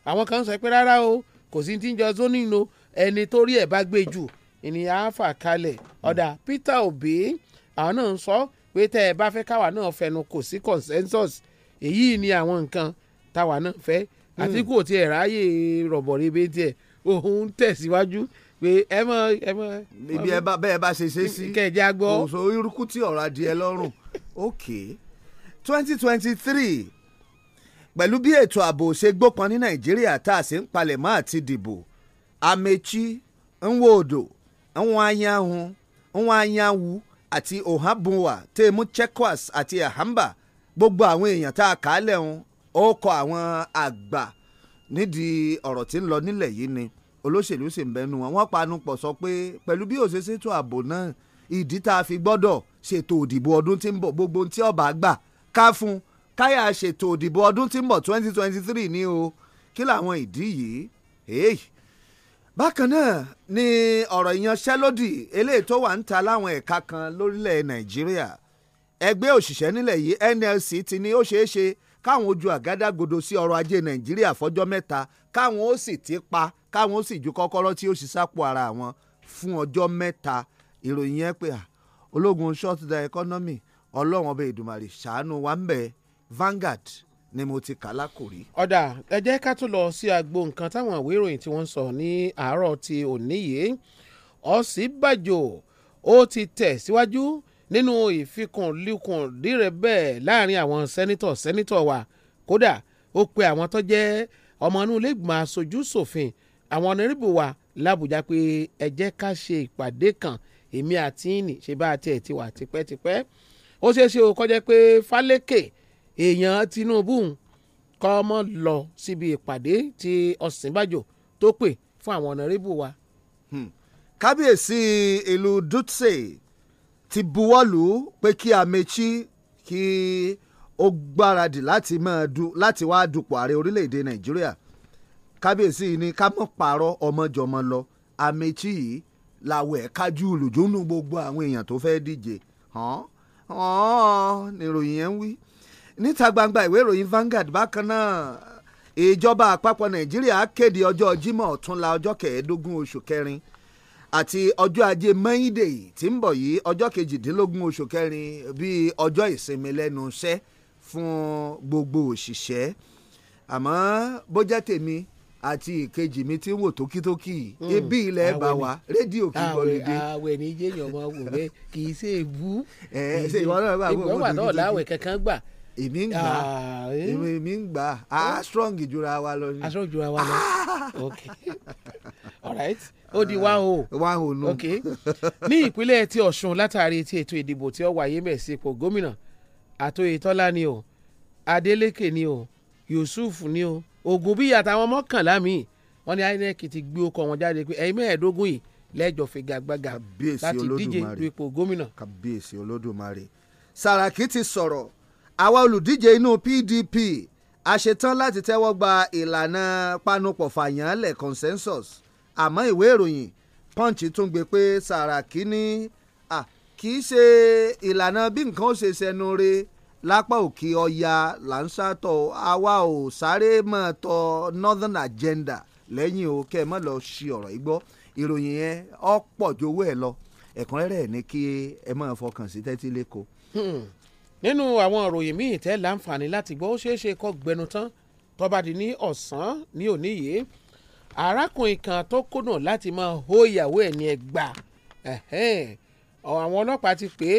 àwọn kan sọ pé rárá o kò sí ti ń jọ zoning o ẹni tó rí ẹ̀ bá gbé jù ènìyàn á fà kalẹ̀ ọ̀dà Peter Obi àwọn náà ń sọ pé tẹ́ ẹ bá fẹ́ káwa náà fẹnu kò sí consensus èyí ni àwọn nǹkan táwa náà fẹ́ hmm. Àtíkù ò tiẹ̀ ráyè rọ̀bọ̀rẹ́bẹ tiẹ̀ òun tẹ̀síwájú pé ẹ mọ ẹ mọ. ibi ẹ bá bẹ́ẹ̀ bá ṣe ṣe sí. kẹjá gbọ́. òṣò irúkú tí ọ̀rọ̀ adìẹ lọ́rùn. ok twenty twenty three pẹ̀lú bí ètò ààbò ṣe gbópọn ní nàìjíríà tá a sì ń palẹ̀mọ́ àti dìbò Amechi Nwodo Nwaanya ahụ Nwaanyanwu àti Ohabunwa tèmú Chekwas àti Ahamba gbogbo àwọn èèyàn tá a kà á lẹ́hún ó kọ àwọn àgbà nídìí ọ̀rọ̀ tí ń lọ nílẹ̀ yìí ni olóṣèlú sì ń bẹnu wọn wọ́n panu pọ̀ sọ pé pẹ̀lú bí òṣèṣe ṣètò ààbò náà ìdí tá a fi gbọ́dọ̀ ṣètò òdìbò ọdún tí ń bọ̀ gbogbo tí ọba gbà ká fún káyà ṣètò òdìbò ọdún tí ń bọ̀ 2023 ni o kí làwọn ìdí yìí bákan náà ni ọ̀rọ̀ ìyanṣẹ́lódì eléyìí tó wà ń ta láwọn ẹ̀ka kan lórílẹ̀ nàìjíríà ẹgbẹ́ òṣìṣẹ́ nílẹ̀ yìí NLC ti ní ó ṣeé ṣe káwọn ojú àgádágodo sí ọrọ̀ ajé nàìjíríà fọjọ́ mẹ́ta káwọn ó sì ti pa káwọn ó sì ju kọ́kọ́rọ́ tí ó sì sápò ara wọn fún ọjọ́ mẹ́ta ìròyìn yẹn pé ológun short the economy ọlọ́run ọba ìdùmarè ṣàánú wa ń bẹ Vanguard ni mo ti kà lákòrí. ọ̀dà ẹ jẹ́ ká tún lọ sí agbo nǹkan táwọn ìwé ìròyìn tí wọ́n ń sọ ní àárọ̀ ti òní yìí Ọ̀ṣínbàjò ó ti tẹ̀ síwájú nínú ìfikùnlukùn dírẹ̀ bẹ́ẹ̀ láàrin àwọn sẹ́nitọ̀ sẹ́nitọ̀ wa kódà ó pe àwọn tó jẹ́ ọmọ inú ilégbìmọ̀ aṣojú ṣòfin àwọn onírìbù wa làbújá pé ẹ jẹ́ ká ṣe ìpàdé kan èmi àti ìní ṣe bá a tiẹ̀ ti wà tipẹ́tipẹ́ ó ṣeé ṣe ó kọjá pé Fálékè èèyàn Tinubu kọ́ mọ́ lọ síbi ìpàdé tí Ọ̀sìnbàjò tó pè fún àwọn ọ̀nàrẹ́bù wa. Hmm. kábíyèsí ìlú Dutse ti buwọ́lù pé kí Amechi kí ó gbáradì láti máa du láti wá dupò ààrẹ orílẹ̀-èdè Nàìjíríà kábíyèsí ni ká mọ̀ pààrọ̀ ọmọjọmọ lọ Amechi yìí làwọ̀ ẹ̀ka ju olùjónú gbogbo àwọn èèyàn tó fẹ́ẹ́ díje hàn án nìròyìn yẹn ń wí níta gbangba ìwé ìròyìn Vanguard bákan náà ìjọba àpapọ̀ Nàìjíríà kéde ọjọ́ Jímọ̀ ọ̀túnla ọjọ́ kẹẹ̀ẹ́dógún oṣù kẹrin àti ọjọ́ ajé Monday tí ń bọ̀ yìí ọjọ́ kejìdínlógún oṣù kẹrin bíi ọjọ́ ìsinmi lẹ́nu iṣẹ́ fún gbogbo òṣìṣẹ́ àmọ́ bó jẹ́ tèmi àti ìkejì mi ti ń wò tókítókì hmm. ibi ilẹ̀ bá wa rédíò kí bọ́lídé. àwẹ̀ ní jẹ́yìn ọmọ wò bẹ́ẹ̀ kì í ṣe é bú. ẹ ṣe ìwọ náà bá wò ó dúdú. ìgbọ́n wà náà láwẹ̀ kankan gbà èmi ń gbà èmi ń gbà á ah, eh? ah, oh. strong jura wa lọ ni. a ah, strong jura wa lọ ok alright ó di one o. one o nù. ok ní ìpínlẹ̀ ti Ọ̀ṣun látàrí ti ètò ìdìbò tí ó wáyé mẹ́sìpò gómìnà Àtóyètọ́lá ni o Adeleke ni o Yusuf ni o Ògúnbíyì àtàwọn mọ́kànlá míì wọ́n ní INEC ti gbé okọ wọn jáde pé ẹ̀yin mẹ́ẹ̀ẹ́dógún yìí lẹ́jọ́ figagbága láti díje du ipò gómìnà. kàbíyèsí olódùmarè Sàràkí ti sọ̀rọ̀ àwa olùdíje inú PDP a ṣetán láti tẹ́wọ́ gba ìlànà panupọ̀ fàyànlẹ̀ consensus àmọ́ ìwé ìròyìn Punch tún gbé pé Sàràkí ní kì í ṣe ìlànà bí nǹkan ó ṣe ṣẹnu re lápá òkè ọya là ń ṣàtọ̀ sáré mọ́ tọ northern agenda lẹ́yìn o kẹ́ ẹ mọ́ lọ ṣi ọ̀rọ̀ yìí gbọ́ ìròyìn yẹn ọ̀pọ̀ jowó ẹ̀ lọ ẹ̀kúnrẹ́rẹ́ ní kí ẹ máa fọkàn sí tẹ́tí lẹ́kọ̀ọ́ nínú àwọn òròyìn míì tẹ́ láǹfààní láti gbọ́ ó ṣeé ṣe kó gbẹnu tán tó bá di ní ọ̀sán ní òní yìí arákùnrin kan tó kùnà láti máa hó ìyàwó ẹ̀ ní ẹgbà àwọn ọlọ́pàá ti pè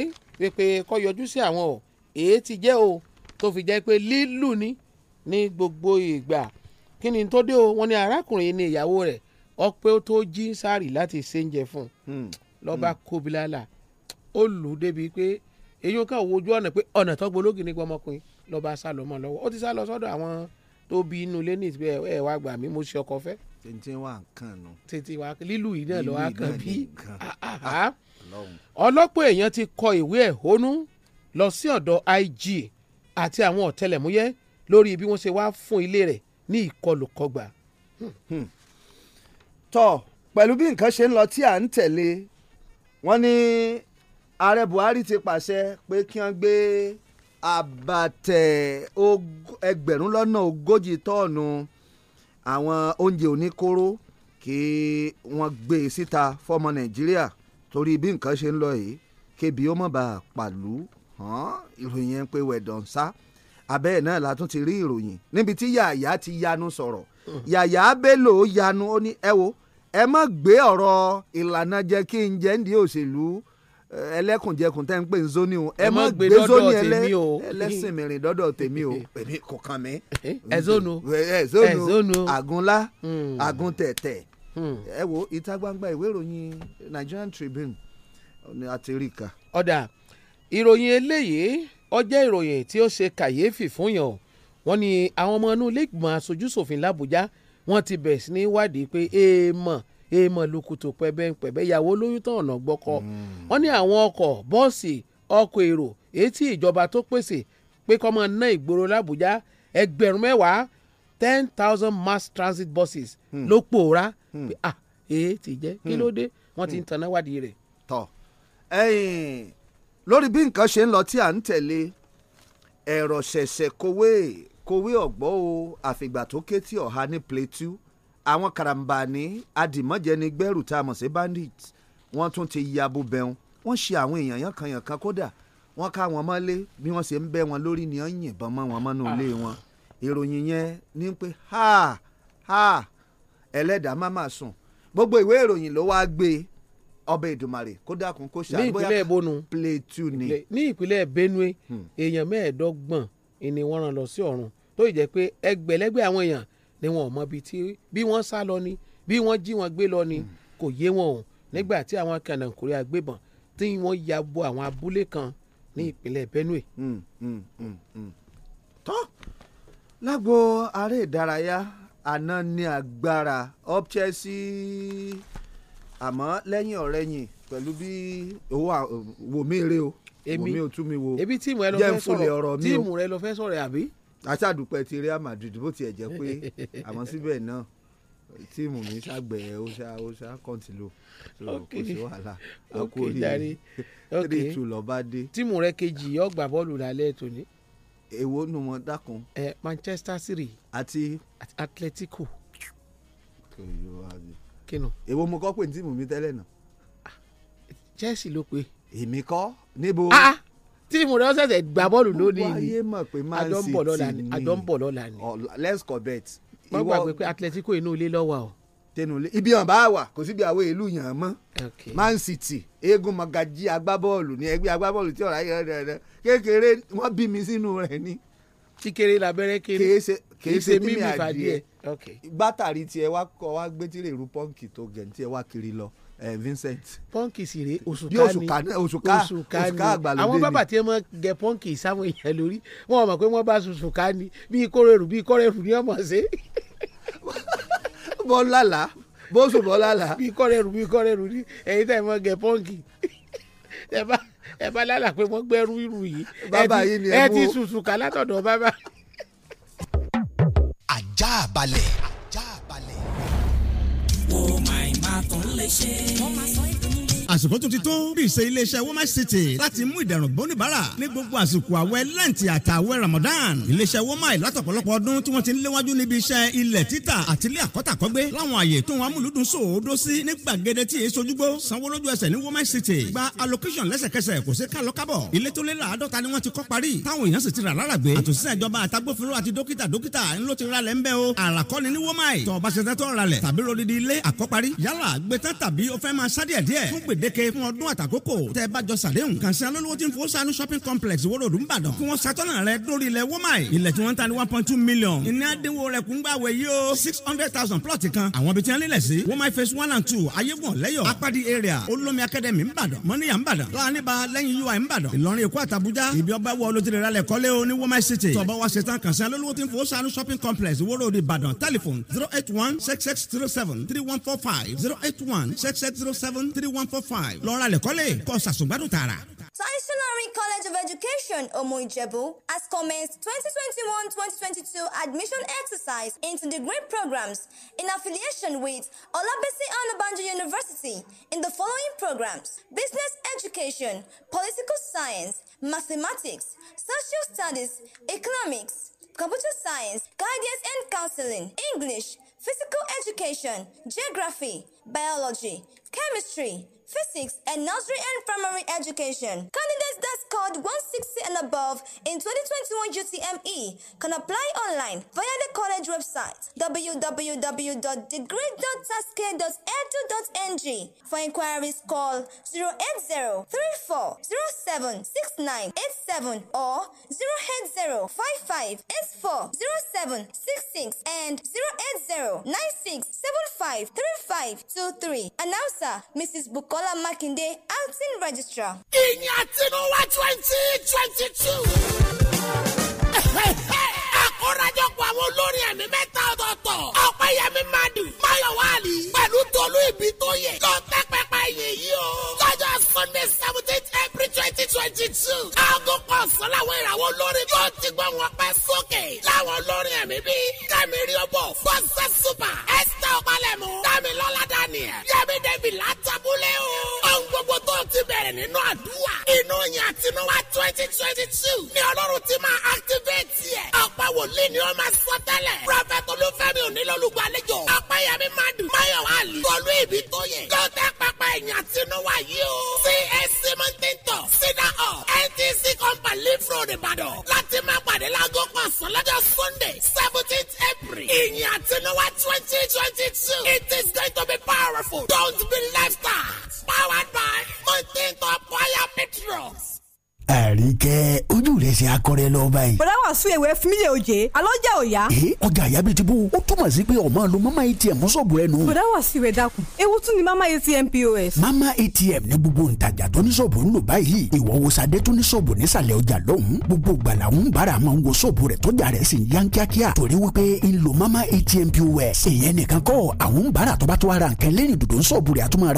é pé kó yọjú sí àwọn ò èé ti jẹ́ o tó fi jẹ́ pé lílù ni ní gbogbo ìgbà kí ni tó dé o wọ́n ní arákùnrin ní ìyàwó rẹ̀ ọpẹ́ ó tó jí sáré láti ṣe ń jẹ fún un hmm. lọ́ba hmm. kóbilálà ó lù ú débi pé èyí ó kàn wojú ọ̀nà pé ọ̀nà tó gbológì ní gbọmọkùnrin lọ́ba sá lọ mọ́ lọ́wọ́ ó ti sá lọ sọ́dọ̀ àwọn tó bí inú ilé ní ìtìbẹ́ ẹ̀ wá gbà mí mo ṣe ọkọ fẹ́. tètè wà kàn nù. tètè wà lílù yìí náà lọ́wọ́ kàn bí. Ah, ah, ah, ọlọ́pọ̀ èèyàn ti kọ ìwé ẹ̀hónú lọ sí ọ̀dọ̀ IG àti àwọn ọ̀tẹlẹ̀múyẹ́ lórí bí wọ́n ṣe wá fún ilé rẹ̀ ní ìkọlù kọgbà. Hmm. tọ́ pẹ̀lú bí nǹkan ṣe ń lọ tí à ń tẹ̀lé wọ́n ní ààrẹ buhari ti pàṣẹ pé kí wọ́n gbé àbàtẹ̀ ẹgbẹ̀rún lọ́nà ogójì tọ́ọ̀nù àwọn oúnjẹ oníkóró kí wọ́n gbé e síta fọ́mọ nàìjíríà torí bí nǹkan ṣe ń lọ yìí kébi ó mọ̀ bá a pàlú ìròyìn yẹn pé wẹ̀dọ̀ ń sá abẹ́ náà la tún ti rí ìròyìn níbi tí yàyà ti yanu sọ̀rọ̀ hmm. yàyà bello yanu ó ní ẹ wo ẹ má gbé ọ̀rọ̀ ìlànà jẹ́ kí n jẹ́ ń di òṣèlú ẹlẹ́kùnjẹkùn tẹ́ ń pè ń zoni o ẹ mọ̀ gbé zoni ẹlẹ́sìn mìíràn dọ́dọ̀ tèmi o èmi kò kàn mí. ẹ zonu ẹ zonu àgúnlá hmm. àgúntẹ̀tẹ̀ hmm. ẹ wo ìta gbangba ìwé ìròyìn Nigerian Tribune àti ríkà. ọ̀dà ìròyìn eléyìí ó jẹ́ ìròyìn tí ó ṣe kàyéfì fún yàn wọ́n ní àwọn ọmọ inú ilé ìgbìmọ̀ aṣojú ṣòfin làbújá wọ́n ti bẹ̀rẹ̀ sí ní wádìí pé èèmọ̀ eh, èèmọ̀ lukutu pẹ̀bẹ́pẹ̀bẹ́ ìyàwó lóyún tán ọ̀nà gbọ́kọ. Hmm. wọ́n ní àwọn ọkọ̀ bọ́ọ̀sì ọkọ̀ èrò èyí ìjọba tó pèsè pé kọ́mọ ná ìgboro làbújá ẹgbẹ̀rún mẹ́wàá ten thousand mass transit buses hmm. ló pòórá hmm. pé ah èyí ti jẹ́ kí ló dé wọ́n ti ń tanná wádìí rẹ̀. tọ ẹyin lórí bí nǹkan ṣe ń lọ tí à ń tẹ̀lé ẹ̀rọ ṣẹ̀ṣẹ̀ kówé kówé ọ̀gbọ́ o àfìgbà tó ké tí ọ̀há ní Plateau àwọn karambani adìmọ́jẹni gbẹ́rù tá a mọ̀ sí bandit wọ́n tún ti ya bó bẹ́ẹ̀ wọ́n ṣe àwọn èèyàn yankanyankan kódà wọ́n ká wọn mọ́lé bí wọ́n ṣe ń bẹ́ wọn lórí ni wọ́n yìnbọn mọ́ wọn mọ́nú ilé ah. wọn ìròyìn yẹn ní pé ha ha ẹlẹ́dàá má máa sùn gbogbo ìwé ìròyìn ló wáá gbé ọbẹ̀ ìdùmarè kó dákun kó ṣàgbọ́yà ní ìpínlẹ̀ bonu plateau ni. ní ìpínlẹ̀ benue hmm. èèyàn mẹ́ẹ̀ẹ́dọ́gbọ̀n ni wọ́n rán lọ sí ọ̀run tó ì jẹ́ pé ẹgbẹ̀lẹ́gbẹ̀ àwọn èèyàn ni wọn ò mọ ibi tí bí wọ́n sá lọ ni bí wọ́n jí wọn gbé lọ ni hmm. kò yé wọn o nígbà tí àwọn kànáńkùrì agbébọn tí wọ́n ya bo àwọn abúlé kan ní hmm. ìpínlẹ̀ Benue. Hmm, tán lágbo aré ìdárayá àná ní agbára up Chelsea àmọ́ lẹ́yìn ọ̀rẹ́yìn pẹ̀lú bí owó wò mí rè o wò mí o tú mi wò jẹ́ ń fúnlẹ̀ ọ̀rọ̀ mi o. tíìmù rẹ lọ fẹ́ sọ̀rọ̀ àbí àṣàdùpẹ́ ti Real Madrid bó tiẹ̀ jẹ́ pé àmọ́ síbẹ̀ náà tíìmù mi ṣàgbẹ̀ ó ṣá ó ṣá kọ́ńtìlò so kò sí wàhálà àkó oríire three two lọ́ba dé. tíìmù rẹ kejì yóò gbà bọ́ọ̀lù lálẹ́ tòní. èwo nu wọn dákun. ẹ eh, Manchester City. àti. Atletico. kinu. èwo mo kọ́ pé tíìmù mi tẹ́lẹ̀ náà. Ah, Chelsea ló pe. èmi kọ́ níbo. ah tíìmù rẹ ṣẹ̀ṣẹ̀ gbà bọ́ọ̀lù lónìí ni àjọ ń bọ̀ lọ́la ni àjọ ń bọ̀ lọ́la ni. let's covet. wọ́n gbàgbé pé Atletico inú ilé lọ́wọ́ o. tẹnulẹ ibi hàn bá wà kò síbi àwọn ìlú yàn án mọ́. Man City eégún magají agbábọ́ọ̀lù ní ẹgbẹ́ agbábọ́ọ̀lù tí ọ̀rá yẹn rẹ̀ rẹ̀ kékeré wọ́n bí mi sínú rẹ̀ ni. kíkéré labẹ́rẹ́ kéré kìí ṣe mímì fàdí ẹ̀. bátàrí tiẹ̀ wá gbé tirẹ̀ ìrú pọ́ǹkì tó gẹ̀ ní tiẹ̀ wá kiri lọ. Eh, Vincent. pọ́ǹkì sì rèé òṣùká ni òṣùká ni òṣùká àgbàlódé ni àwọn bábà tí wọ́n gẹ pọ́ǹkì sáwọn èèyàn lórí wọ́n mọ̀ pé wọ́n bá òṣùká ni bíi kórèrú bíi kórèrú ni wọ́n mọ̀ sí. bọ́lálà bóṣù bọ́lálà. bíi kórèrú bíi kórèrú ni ẹ̀yin tẹ̀ mọ́ gẹ pọ́ǹkì ẹ bá lálà pé wọ́n gbẹ́rú irú yìí ẹ mú ẹ ti látọ̀dọ̀ bàbá. ajá balẹ̀. ajá balẹ̀. oh kan lè ṣe. wọ́n máa sọ àsìkò tó ti tó bí ìṣe iléeṣẹ́ womac city láti mú ìdẹ̀rùn gbóníbàárà ní gbogbo àsìkò àwẹ̀ lẹ́ǹtì àtàwẹ̀ ramadan iléeṣẹ́ womac látọ̀pọ̀lọpọ̀ ọdún tí wọ́n ti ń léwájú níbi iṣẹ́ ilẹ̀ títà àti ilé àkọ́tàkọ́gbé láwọn àyè tó wọn amúlùdùn sòódó sí ní gbàgede tí èso júgbó city gba allocation lẹ́sẹ̀kẹsẹ̀ kò sí kálọ kábọ̀ ilé tó lé láàdọ́ta ni wọ́n ti kọ́ parí táwọn èèyàn sì ti rà lálàgbé àtòsíṣẹ́ ìjọba àtagbófinró àti dókítà dókítà ńlọ ti ralẹ̀ ńbẹ́ o àràkọ́ni ní womac tó bá ṣe tẹ́tọ́ ralẹ̀ tàbí gbèdéke fún ọdún àtàkókò tẹ́ bá jọ sàdéhùn kàn sí alólùwọ́ tí ń fowó sanu shopping complex wóró òdùn kí wọ́n ṣàtọ́nà rẹ lórí ilẹ̀ wọ́màì ilẹ̀ tí wọ́n ta ní one point two million ìní àdéhùn rẹ̀ kún gbàwé yìí o six hundred thousand plot kan àwọn ibi tí wọ́n lélẹ̀ sí wọ́màì phase one and two ayégun lẹ́yọ̀ apadi area olómi academy ń mọ́níyà ń bàdàn lẹ́yìn UI ń ìlọrin èkó àtàbújá ibi ọba wọ olótìrẹ rẹ kọ́lé o ní wọ́màì city tọ́ba wa ṣetán kàn sí alólùwọ́ tí ń fowó sanu shopping complex wóró òdì telephone zero eight one six six zero seven three one four five zero eight one six six zero seven three one four five lọ́ra lẹ́kọ́lẹ̀ kọ́ sàṣùgbádùn tààrà. Traditionary College of Education, Omo Ijebu, has commenced 2021-2022 admission exercise into degree programs in affiliation with Olabisi Anabanjo University in the following programs: Business Education, Political Science, Mathematics, Social Studies, Economics, Computer Science, Guidance and Counseling, English, Physical Education, Geography, Biology, Chemistry, physics, and nursery and primary education. Candidates that scored 160 and above in 2021 UTME can apply online via the college website www.degree.taske.edu.ng. For inquiries, call 080 34 07 or 080 55 84 and 080 96 75 Announcer Mrs. Bukola. Bọ́lá Mákindé acting registrar. ìyìn àtinúwá twenty twenty two. àkórajọpọ̀ àwọn olórin ẹ̀mí mẹ́ta ọ̀tọ̀ọ̀tọ̀ ọ̀pẹ̀yẹmí madu máyọ̀wá àlì pẹ̀lú tolú ìbí tó yẹ ló tẹ́ pẹpẹ iye yìí o. lọ́jọ́ sunday seventeen april twenty twenty two. aago kan sọ làwọn ìràwọ̀ olórin yóò ti gbọ́ wọn pẹ́ sókè. láwọn olórin ẹ̀mí bíi kẹ́mi rí o bọ̀ fọ́sẹ̀ super ẹ̀sítẹ́ ọ̀pálẹ̀mú dámilọ́lá daniel yẹ́mi david láti bẹ̀rẹ̀ nínú àdúrà inú yẹn àtinúwá twenty twenty two ni ọlọ́run ti máa activate yẹ. ọ̀pọ̀ wòlíì ni wọ́n máa sọ tẹ́lẹ̀. prọfẹ̀tì olúfẹ́mi onílọ́lùgbàlejò ọ̀pẹ̀yẹmí madu mayowa ali tọ́lú ibi tó yẹ. lọ́tẹ̀ pápá ẹ̀yìn àtinúwá yìí o. csc mọ́tẹ́ntọ̀ sínà ọ̀ ntc company leaf road ìbàdàn láti máa pàdé láago kan sọ lọ́jọ́ sunday seventeen april. ìyìn àtinúwá twenty twenty two it is going to be powerful don't be left girls. àríkẹ́ ojú rẹ̀ ṣe akọrẹ lọ báyìí. bọ̀dá wà sún ewé fún mi lè oje alọ́ jẹ́ òya. ee ọjà àyà bíi ti bú ó túmọ̀ sí pé ọmọ lo mama atm sọ̀bù rẹ nù. bọ̀dá wà sí ìwé dákun ewu tún ni mama atm pos. mama atm ní gbogbo ntajà tó ní sọ̀bù ń lò báyìí ìwọ wo sadé tó ní sọ̀bù nísàlẹ̀ ọjà lọ́hùn-ún gbogbo gbala ń bára máa ń wo sọ̀bù rẹ̀ tọ́jà rẹ̀ sì ń kíákíá torí mama atm pos. èèyàn nìkan kọ́ àwọn ń bára tó bá tó ara nǹkan lẹ́yìn dòdò ń sọ̀bù rẹ̀ àtúmọ̀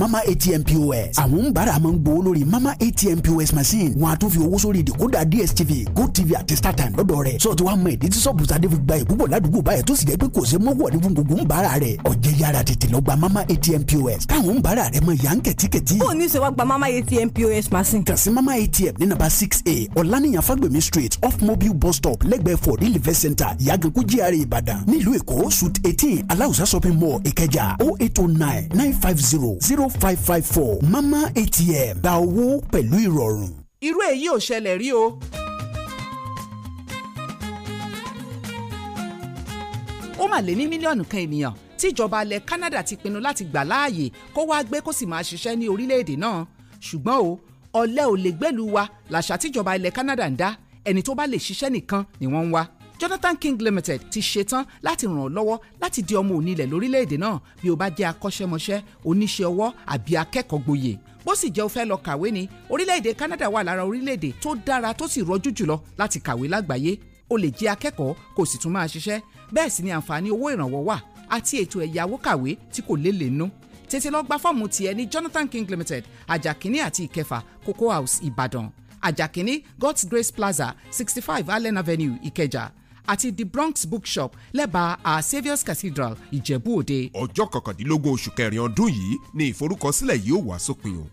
mama atm pos. àwọn ń bára mama atm pos machine wọn a tún fi owó sórí ìdìkódà dstv gotv àti startime lọ́dọ̀ rẹ̀ sọ ti wá mọ ìdí tí sọ́ọ̀bù sadé fi gba ìbúbọ̀ ládùúgbò báyìí tó sì jẹ́ pé kò ṣe mọ́wọ́ ní gbogbo ń bára rẹ̀ ọ̀jẹ̀ yára tètè lọ gba mama atm pos káwọn ń bára rẹ̀ mọ ìyá ń kẹ̀tíkẹ̀tí. ó ní sèwá gba mama atm pos machine. kàn sí mama atm ní nàbà six a ọ̀lànìyàn fagbemi street off mobile bus stop lẹ́gbẹ̀ẹ́ for delivery center ìyàgànkú GRA ìbàdàn nílùú èkó suit eighteen aláùsá shopping mall ìkẹjà o oh eight o oh nine nine five zero zero five five four mama atm gba owó owó pẹ̀lú ìrọ̀rùn. irú èyí ò ṣẹlẹ̀ rí o. ó mà lé ní mílíọ̀nù kan ènìyàn tíjọba ilẹ̀ Canada ti pinnu láti gbà láàyè kó wá gbé kó sì máa ṣiṣẹ́ ní orílẹ̀-èdè náà ṣùgbọ́n o ọ̀lẹ́ ò lè gbẹ́lu wa làṣà tíjọba ilẹ̀ Canada ń dá ẹni tó bá lè ṣiṣẹ́ nìkan ni wọ́n ń wá. Jonathan King Limited ti ṣetán láti ràn ọ́ lọ́wọ́ láti di ọmọ onílẹ̀ lórílẹ̀‐èdè náà bí o bá jẹ́ akọ́ṣẹ́mọṣẹ́ oníṣẹ́ ọwọ́ àbí akẹ́kọ̀ọ́ gboyè bó sì jẹ́ o fẹ́ lọ kàwé ni orílẹ̀-èdè Canada wà lára orílẹ̀-èdè tó dára tó sì rọjú jùlọ láti kàwé lágbàáyé o lè jẹ́ akẹ́kọ̀ọ́ kò sì tún máa ṣiṣẹ́ bẹ́ẹ̀ sì ni àǹfààní owó ìrànwọ́ wà àti ètò ẹ̀yáwó kàwé tí kò lélẹ̀ nú tètè lọ gba fọ́ọ̀mù tiẹ̀ ní Jonathan King Limited ajakini àti ìkẹfà Cocoa House Ìbàdàn ajakini God's Grace Plaza sixty five Allen Avenue Ìkẹjà àti the Bronx bookshop lẹ́bàá our saviour's cathedral ìjẹ̀bú òde. ọjọ́ kọkàndínlógún oṣù kẹrin ọdún yìí ni ìforúkọsílẹ̀ yìí ó sópin o.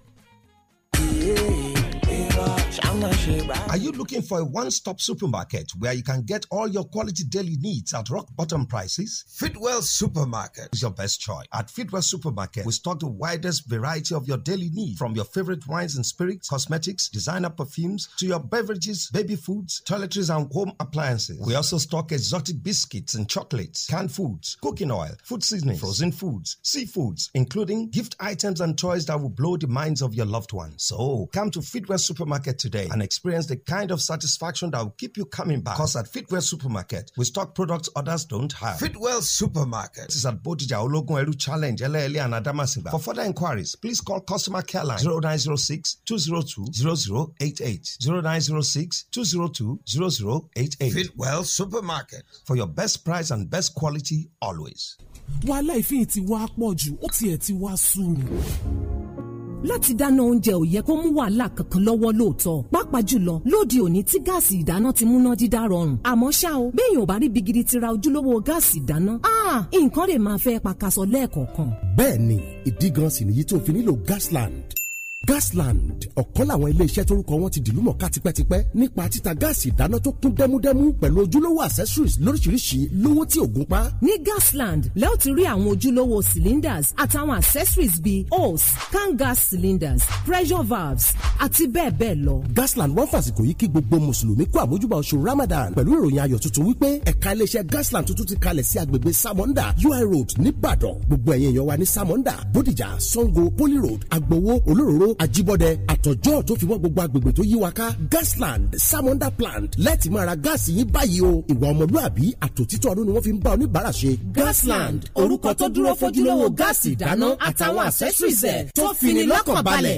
Are you looking for a one stop supermarket where you can get all your quality daily needs at rock bottom prices? Fitwell Supermarket is your best choice. At Fitwell Supermarket, we stock the widest variety of your daily needs from your favorite wines and spirits, cosmetics, designer perfumes, to your beverages, baby foods, toiletries, and home appliances. We also stock exotic biscuits and chocolates, canned foods, cooking oil, food seasoning, frozen foods, seafoods, including gift items and toys that will blow the minds of your loved ones. So come to Fitwell Supermarket today and experience the kind of satisfaction that will keep you coming back. Because at Fitwell Supermarket, we stock products others don't have. Fitwell Supermarket this is at Bodija Ologun Eru Challenge, Elele and For further inquiries, please call customer care line 0906 202 0088 0906 202 0088. Fitwell Supermarket for your best price and best quality always. wàhálà ìfihìn ti wá pọ̀ jù ó tiẹ̀ ti wá láti dáná oúnjẹ ò yẹ kó mú wàhálà kankan lọ́wọ́ lóòótọ́ pàápàá jùlọ lóde òní tí gáàsì ìdáná ti múná dídá rọrùn àmọ́ ṣá o béèyàn ò bá rí bigidi ti ojúlówó gáàsì ìdáná ah nǹkan lè máa fẹ́ pakasọ lẹ́ẹ̀kọ̀ọ̀kan. bẹ́ẹ̀ni ìdí gan sì nìyí tó fi nílò Gasland Gasland ọ̀kan làwọn iléeṣẹ́ tórúkọ wọn ti dìlú mọ̀ká tipẹ́tipẹ́ nípa títa gáàsì ìdáná tó kún dẹ́múdẹ́mú pẹ̀lú ojúlówó accessories lóríṣiríṣi lówó tí ògùn pa. ní Gasland lẹ́ẹ̀ ti rí àwọn ojúlówó cylinders àtàwọn accessories bíi hose can gas cylinders pressure valves àti bẹ́ẹ̀ bẹ́ẹ̀ lọ. Gasland wọ́n fàsìkò yìí kí gbogbo mùsùlùmí kó àmójúbà oṣù Ramadan pẹ̀lú ìròyìn ayọ̀ tuntun wípé ẹ̀ka iléeṣẹ́ Gasland tuntun ti kalẹ̀ sí agbègbè Samonda UI Road ní Ìbàdàn gbogbo ẹ̀yin èèyàn wa ní Samonda Bódìjà Sango Poly Road Agbowo Olóròró ìbàdàn àjíbọ̀dẹ àtọ̀jọ́ tó fi wọ́ gbogbo agbègbè tó yí wa ká gasland samonda plant láti máa ra gáàsì yín báyìí o ìwà ọmọlúàbí àtòtítọ́ ọdún ni wọ́n fi ń bá oníbàárà ṣe. gasland orúkọ tó dúró fojúlówó gáàsì ìdáná àtàwọn accessories ẹ̀ tó fini lọ́kàn balẹ̀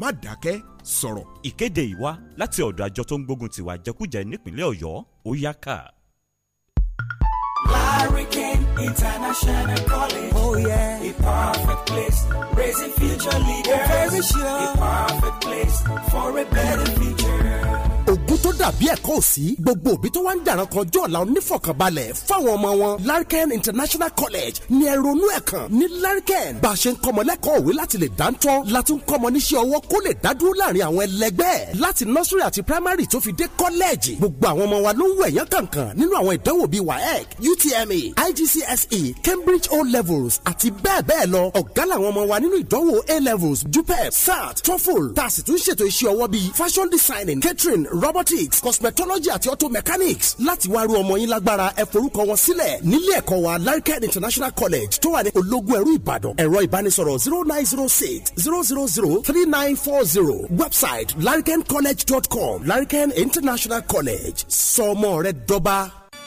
má dákẹ́ sọ̀rọ̀. ìkéde ìwá láti ọ̀dọ̀ àjọ tó ń gbógun tiwa jẹkújẹ nípínlẹ̀ ọ̀yọ́ ó yá ká. Larry King International College. Oh yeah. The perfect place. Raising future leaders. Oh, very sure. The perfect place for a better future ogún tó dàbí ẹ̀kọ́ òsì gbogbo òbí tó wá ń dàrán kan ọjọ́ ọ̀la onífọ̀kànbalẹ̀ fáwọn ọmọ wọn Larkin International College ní ẹ̀rọnú ẹ̀kan ní Larkin bá a ṣe ń kọ́mọ lẹ́kọ̀ọ́ òwe láti lè dáńtọ́ láti ń kọ́mọ níṣẹ́ ọwọ́ kó lè dádúró láàrin àwọn ẹlẹgbẹ́ láti nursery àti primary tó fi dé kọ́lẹ́ẹ̀jì gbogbo àwọn ọmọ wa ló ń wẹ̀yán kankan nínú àwọn ìdánwò bíi WAEC UTME IGCSE Cambridge O levels àti bẹ́ẹ̀ bẹ́ẹ̀ lọ ọ̀gá làwọn ọmọ wa nínú ìdánwò A levels JUPEB SAT TOEFL tá a sì tún ṣètò iṣẹ́ ọwọ́ bíi fashion designing catering rob robotics cosmetology àti auto mechanics láti wá rú ọmọ yín lágbára ẹ forúkọ wọn sílẹ̀ nílé ẹ̀kọ́ wa larkin international college tó wà ní ológun ẹ̀rú ìbàdàn ẹ̀rọ ìbánisọ̀rọ̀ zero nine zero six zero zero zero three nine four zero website larkincollege dot com. larkin international college sọ ọmọ rẹ dọ́ba.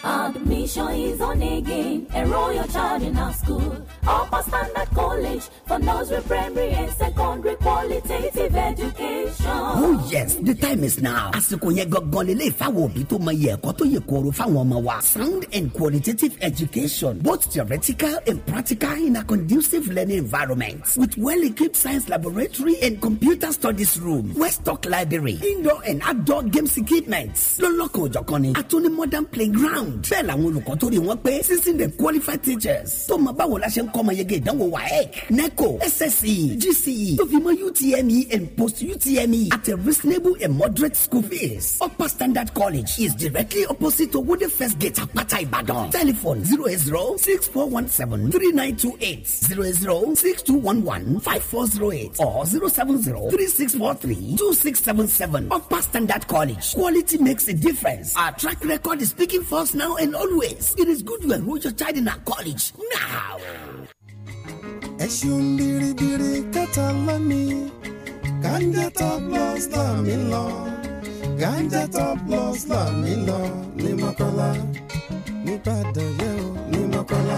Admission is on again. Enroll your child in our school. Upper Standard College for nursery, primary, and secondary qualitative education. Oh yes, the time is now. Àsìkò yẹn gangan lélẹ̀ ìfáwọ̀ òbí tó mọ yẹ kóró fáwọn Sound and qualitative education, both theoretical and practical in a conducive learning environment with well-equipped science laboratory and computer studies room, Westock library, indoor and outdoor games equipment. Lọ́lọ́kan òjọ̀kan ni, a tún modern playground round. bẹ́ẹ̀ làwọn olùkọ́ tó rí wọn pé sísìn the qualified teachers tó mọ báwo la ṣe ń kọ́ ọmọ yege ìdánwò waec neco sse gce tó fi mọ utme and post utme at a reasonable and moderate school fees. upper standard college is directly opposite to wode first gate apata ibadan. telephone zero eight zero six four one seven three nine two eight zero eight zero six two one one five four zero eight or zero seven zero three six four three two six seven seven upper standard college quality makes a difference our track record is speaking for us now and always. It is good you enroll your child in a college now. ganja top loss là mí lọ ganja top loss là mí lọ ní mọ́kànlá nígbàdàn yẹn ní mọ́kànlá.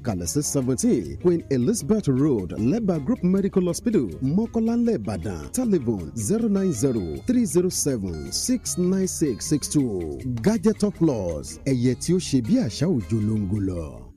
ìkàlẹ̀ sí seventeen Queen Elizabeth Road Leba Group Medical Hospital Mọ́kọ́lánlẹ̀ Ìbàdàn telephone zero nine zero three zero seven six nine six six two Gadget Plus ẹ̀yẹ tí ó ṣe bí àṣà òjò ló ń gò lọ.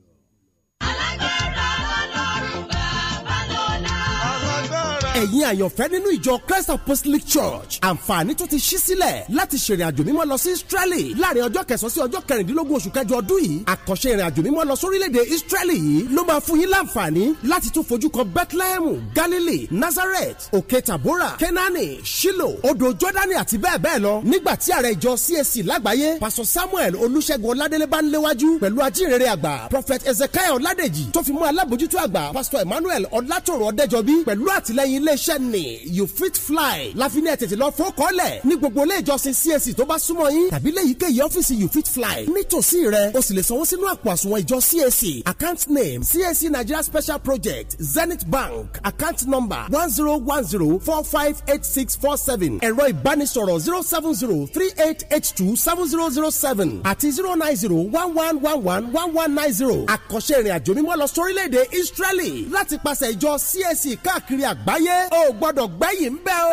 ẹ̀yin àyànfẹ́ nínú ìjọ Christ Apostolic Church àǹfààní tó ti ṣí sílẹ̀ láti ṣèrìn àjò mímọ́ lọ sí Israeli láàrin ọjọ́ kẹsàn-án sí ọjọ́ kẹrìndínlógún oṣù kẹjọ ọdún yìí àkànṣe ìrìn àjò mímọ́ lọ sórílẹ̀-èdè Israeli yìí ló máa fún yín láǹfààní láti tún fojú kan Bethlehem Galilee Nazareth Òkè Tabora Kenani Shilo odò Jordani àti bẹ́ẹ̀ bẹ́ẹ̀ lọ nígbà tí ààrẹ ìjọ CAC lágbàáyé Pastor Samuel Olúṣẹ́gun Ọládélé bá ń léwájú pẹ̀lú ajínrere àgbà Prophet Ezekiel Ọládèjì tó fi mú alábòjútó àgbà Pastor Emmanuel Ọlátòrò Ọdẹ́jọbí pẹ̀lú àtìlẹ́yìn iléeṣẹ́ ni you fit fly láfiní ẹ̀ tètè lọ fọ́kọ́lẹ̀ ní gbogbo ilé ìjọsìn CAC tó bá súnmọ́ yín tàbí léyìíkéyìí ọ́fíìsì you fit fly nítòsí rẹ o sì lè sanwó sínú àpò àsùnwọ̀n ìjọ csc. account name csc Nigeria Special Project Zenith Bank account number one zero one zero four five eight six four seven ẹ̀rọ ìbánisọ̀rọ̀ zero seven zero three eight eight two seven zero zero seven àti zero nine zero one one one one one one nine zero àkọsẹ́ ìrìn àjò mímọ́ lọ sórílẹ̀-èdè Israeli láti pàṣẹ ìjọ CAC káàkiri àgbáyé dé o gbọ́dọ̀ gbẹ́yìn ń bẹ́ o.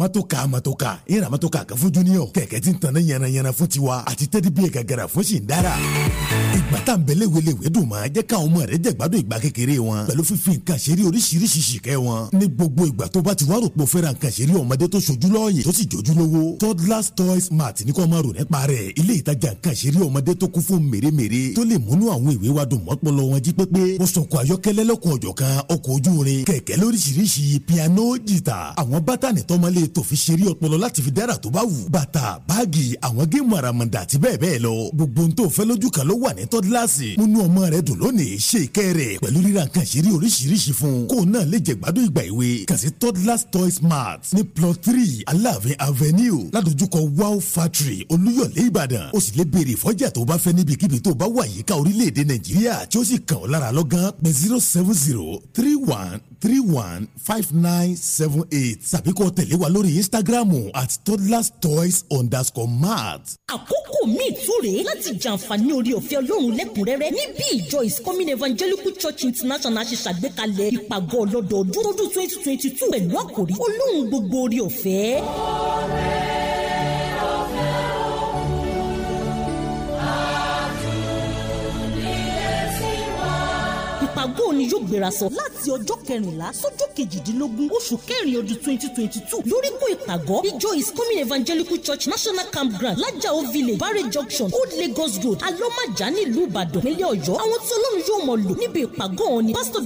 matoka matoka e ra matoka kan fún junior kẹ̀kẹ́ tí ń tanná yànnayànna fún tiwa àti tẹ́tí bí gàgàrà fún sì ń dára. ìgbà tá n bẹ̀lẹ̀ welewe dùn máa jẹ́ káwọn ọmọ rẹ̀ jẹ̀gbádùn ìgbà kékeré wọn pẹ̀lú fífi nǹkan ṣeré oríṣiríṣi ṣìkẹ́ wọn. ní gbogbo ìgbà tó bá ti wá rògbò fẹ́ra nǹkan ọmọdé tó ṣojú lọ́ọ̀yẹ̀ tó sì jójú lówó toddlers toys mart ní kò máa rò nípa rẹ̀ ilé ìtajà nǹkan ṣeré ọmọdé tó kún fún mèremère tó lè múnú àwọn ìwé wa dùn mọ́pọlọ wọn jí pépé wọ́n sọ̀kọ̀ ayọ́kẹ́lẹ́ fèrè piano jìtà àwọn bátànì tọmọlé tòfin ṣeré ọpọlọ láti fi dára tó bá wù bàtà báàgì àwọn géèmù àràmàǹdà àti bẹ́ẹ̀ bẹ́ẹ̀ lọ gbogbo n tó fẹ́ lójú kan ló wà ní tọ́dílàsì múnú ọmọ rẹ dùn lónìí ṣe ìkẹ́ rẹ̀ pẹ̀lú ríra nǹkan ṣeré oríṣiríṣi fún kó náà lè jẹ gbádùn ìgbà ìwé kàn sí toddlers toys mart ní plot three aláàfin avenue ládojúkọ wow factory olúyọ̀lé ìbàdàn ó sì lè béèrè fọ́jà tó bá fẹ́ níbikíbi tó bá wà yíká orílẹ̀-èdè zero seven zero three one three one five five nine seven eight tàbí kó tẹ̀lé wa lórí Instagram at toddlers toys underscore mart. àkókò míì tún rèé láti jàǹfààní orí ọ̀fẹ́ ọlọ́run lẹ́kùnrẹ́rẹ́ níbi ìjọ iscomin evangelical church international ṣe ṣàgbékalẹ̀ ìpàgọ́ ọlọ́dọọdún tọdún twenty twenty two pẹ̀lú àkòrí olóhùn gbogbo orí ọ̀fẹ́. ọ̀rẹ́ ni yóò gbéra sọ láti ọjọ́ kẹrìnlá sójú kejìdínlógún oṣù kẹrin ọdún twenty twenty two lóríkó ìpàgọ́ is coming. evangelical church national campground lajao village barre junction old lagos road alomaja nílùú ìbàdàn nílẹ̀ ọ̀yọ́ àwọn tí ọlọ́run yóò mọ̀ lò níbi ìpàgọ́ ọ̀hún ni pásítọ̀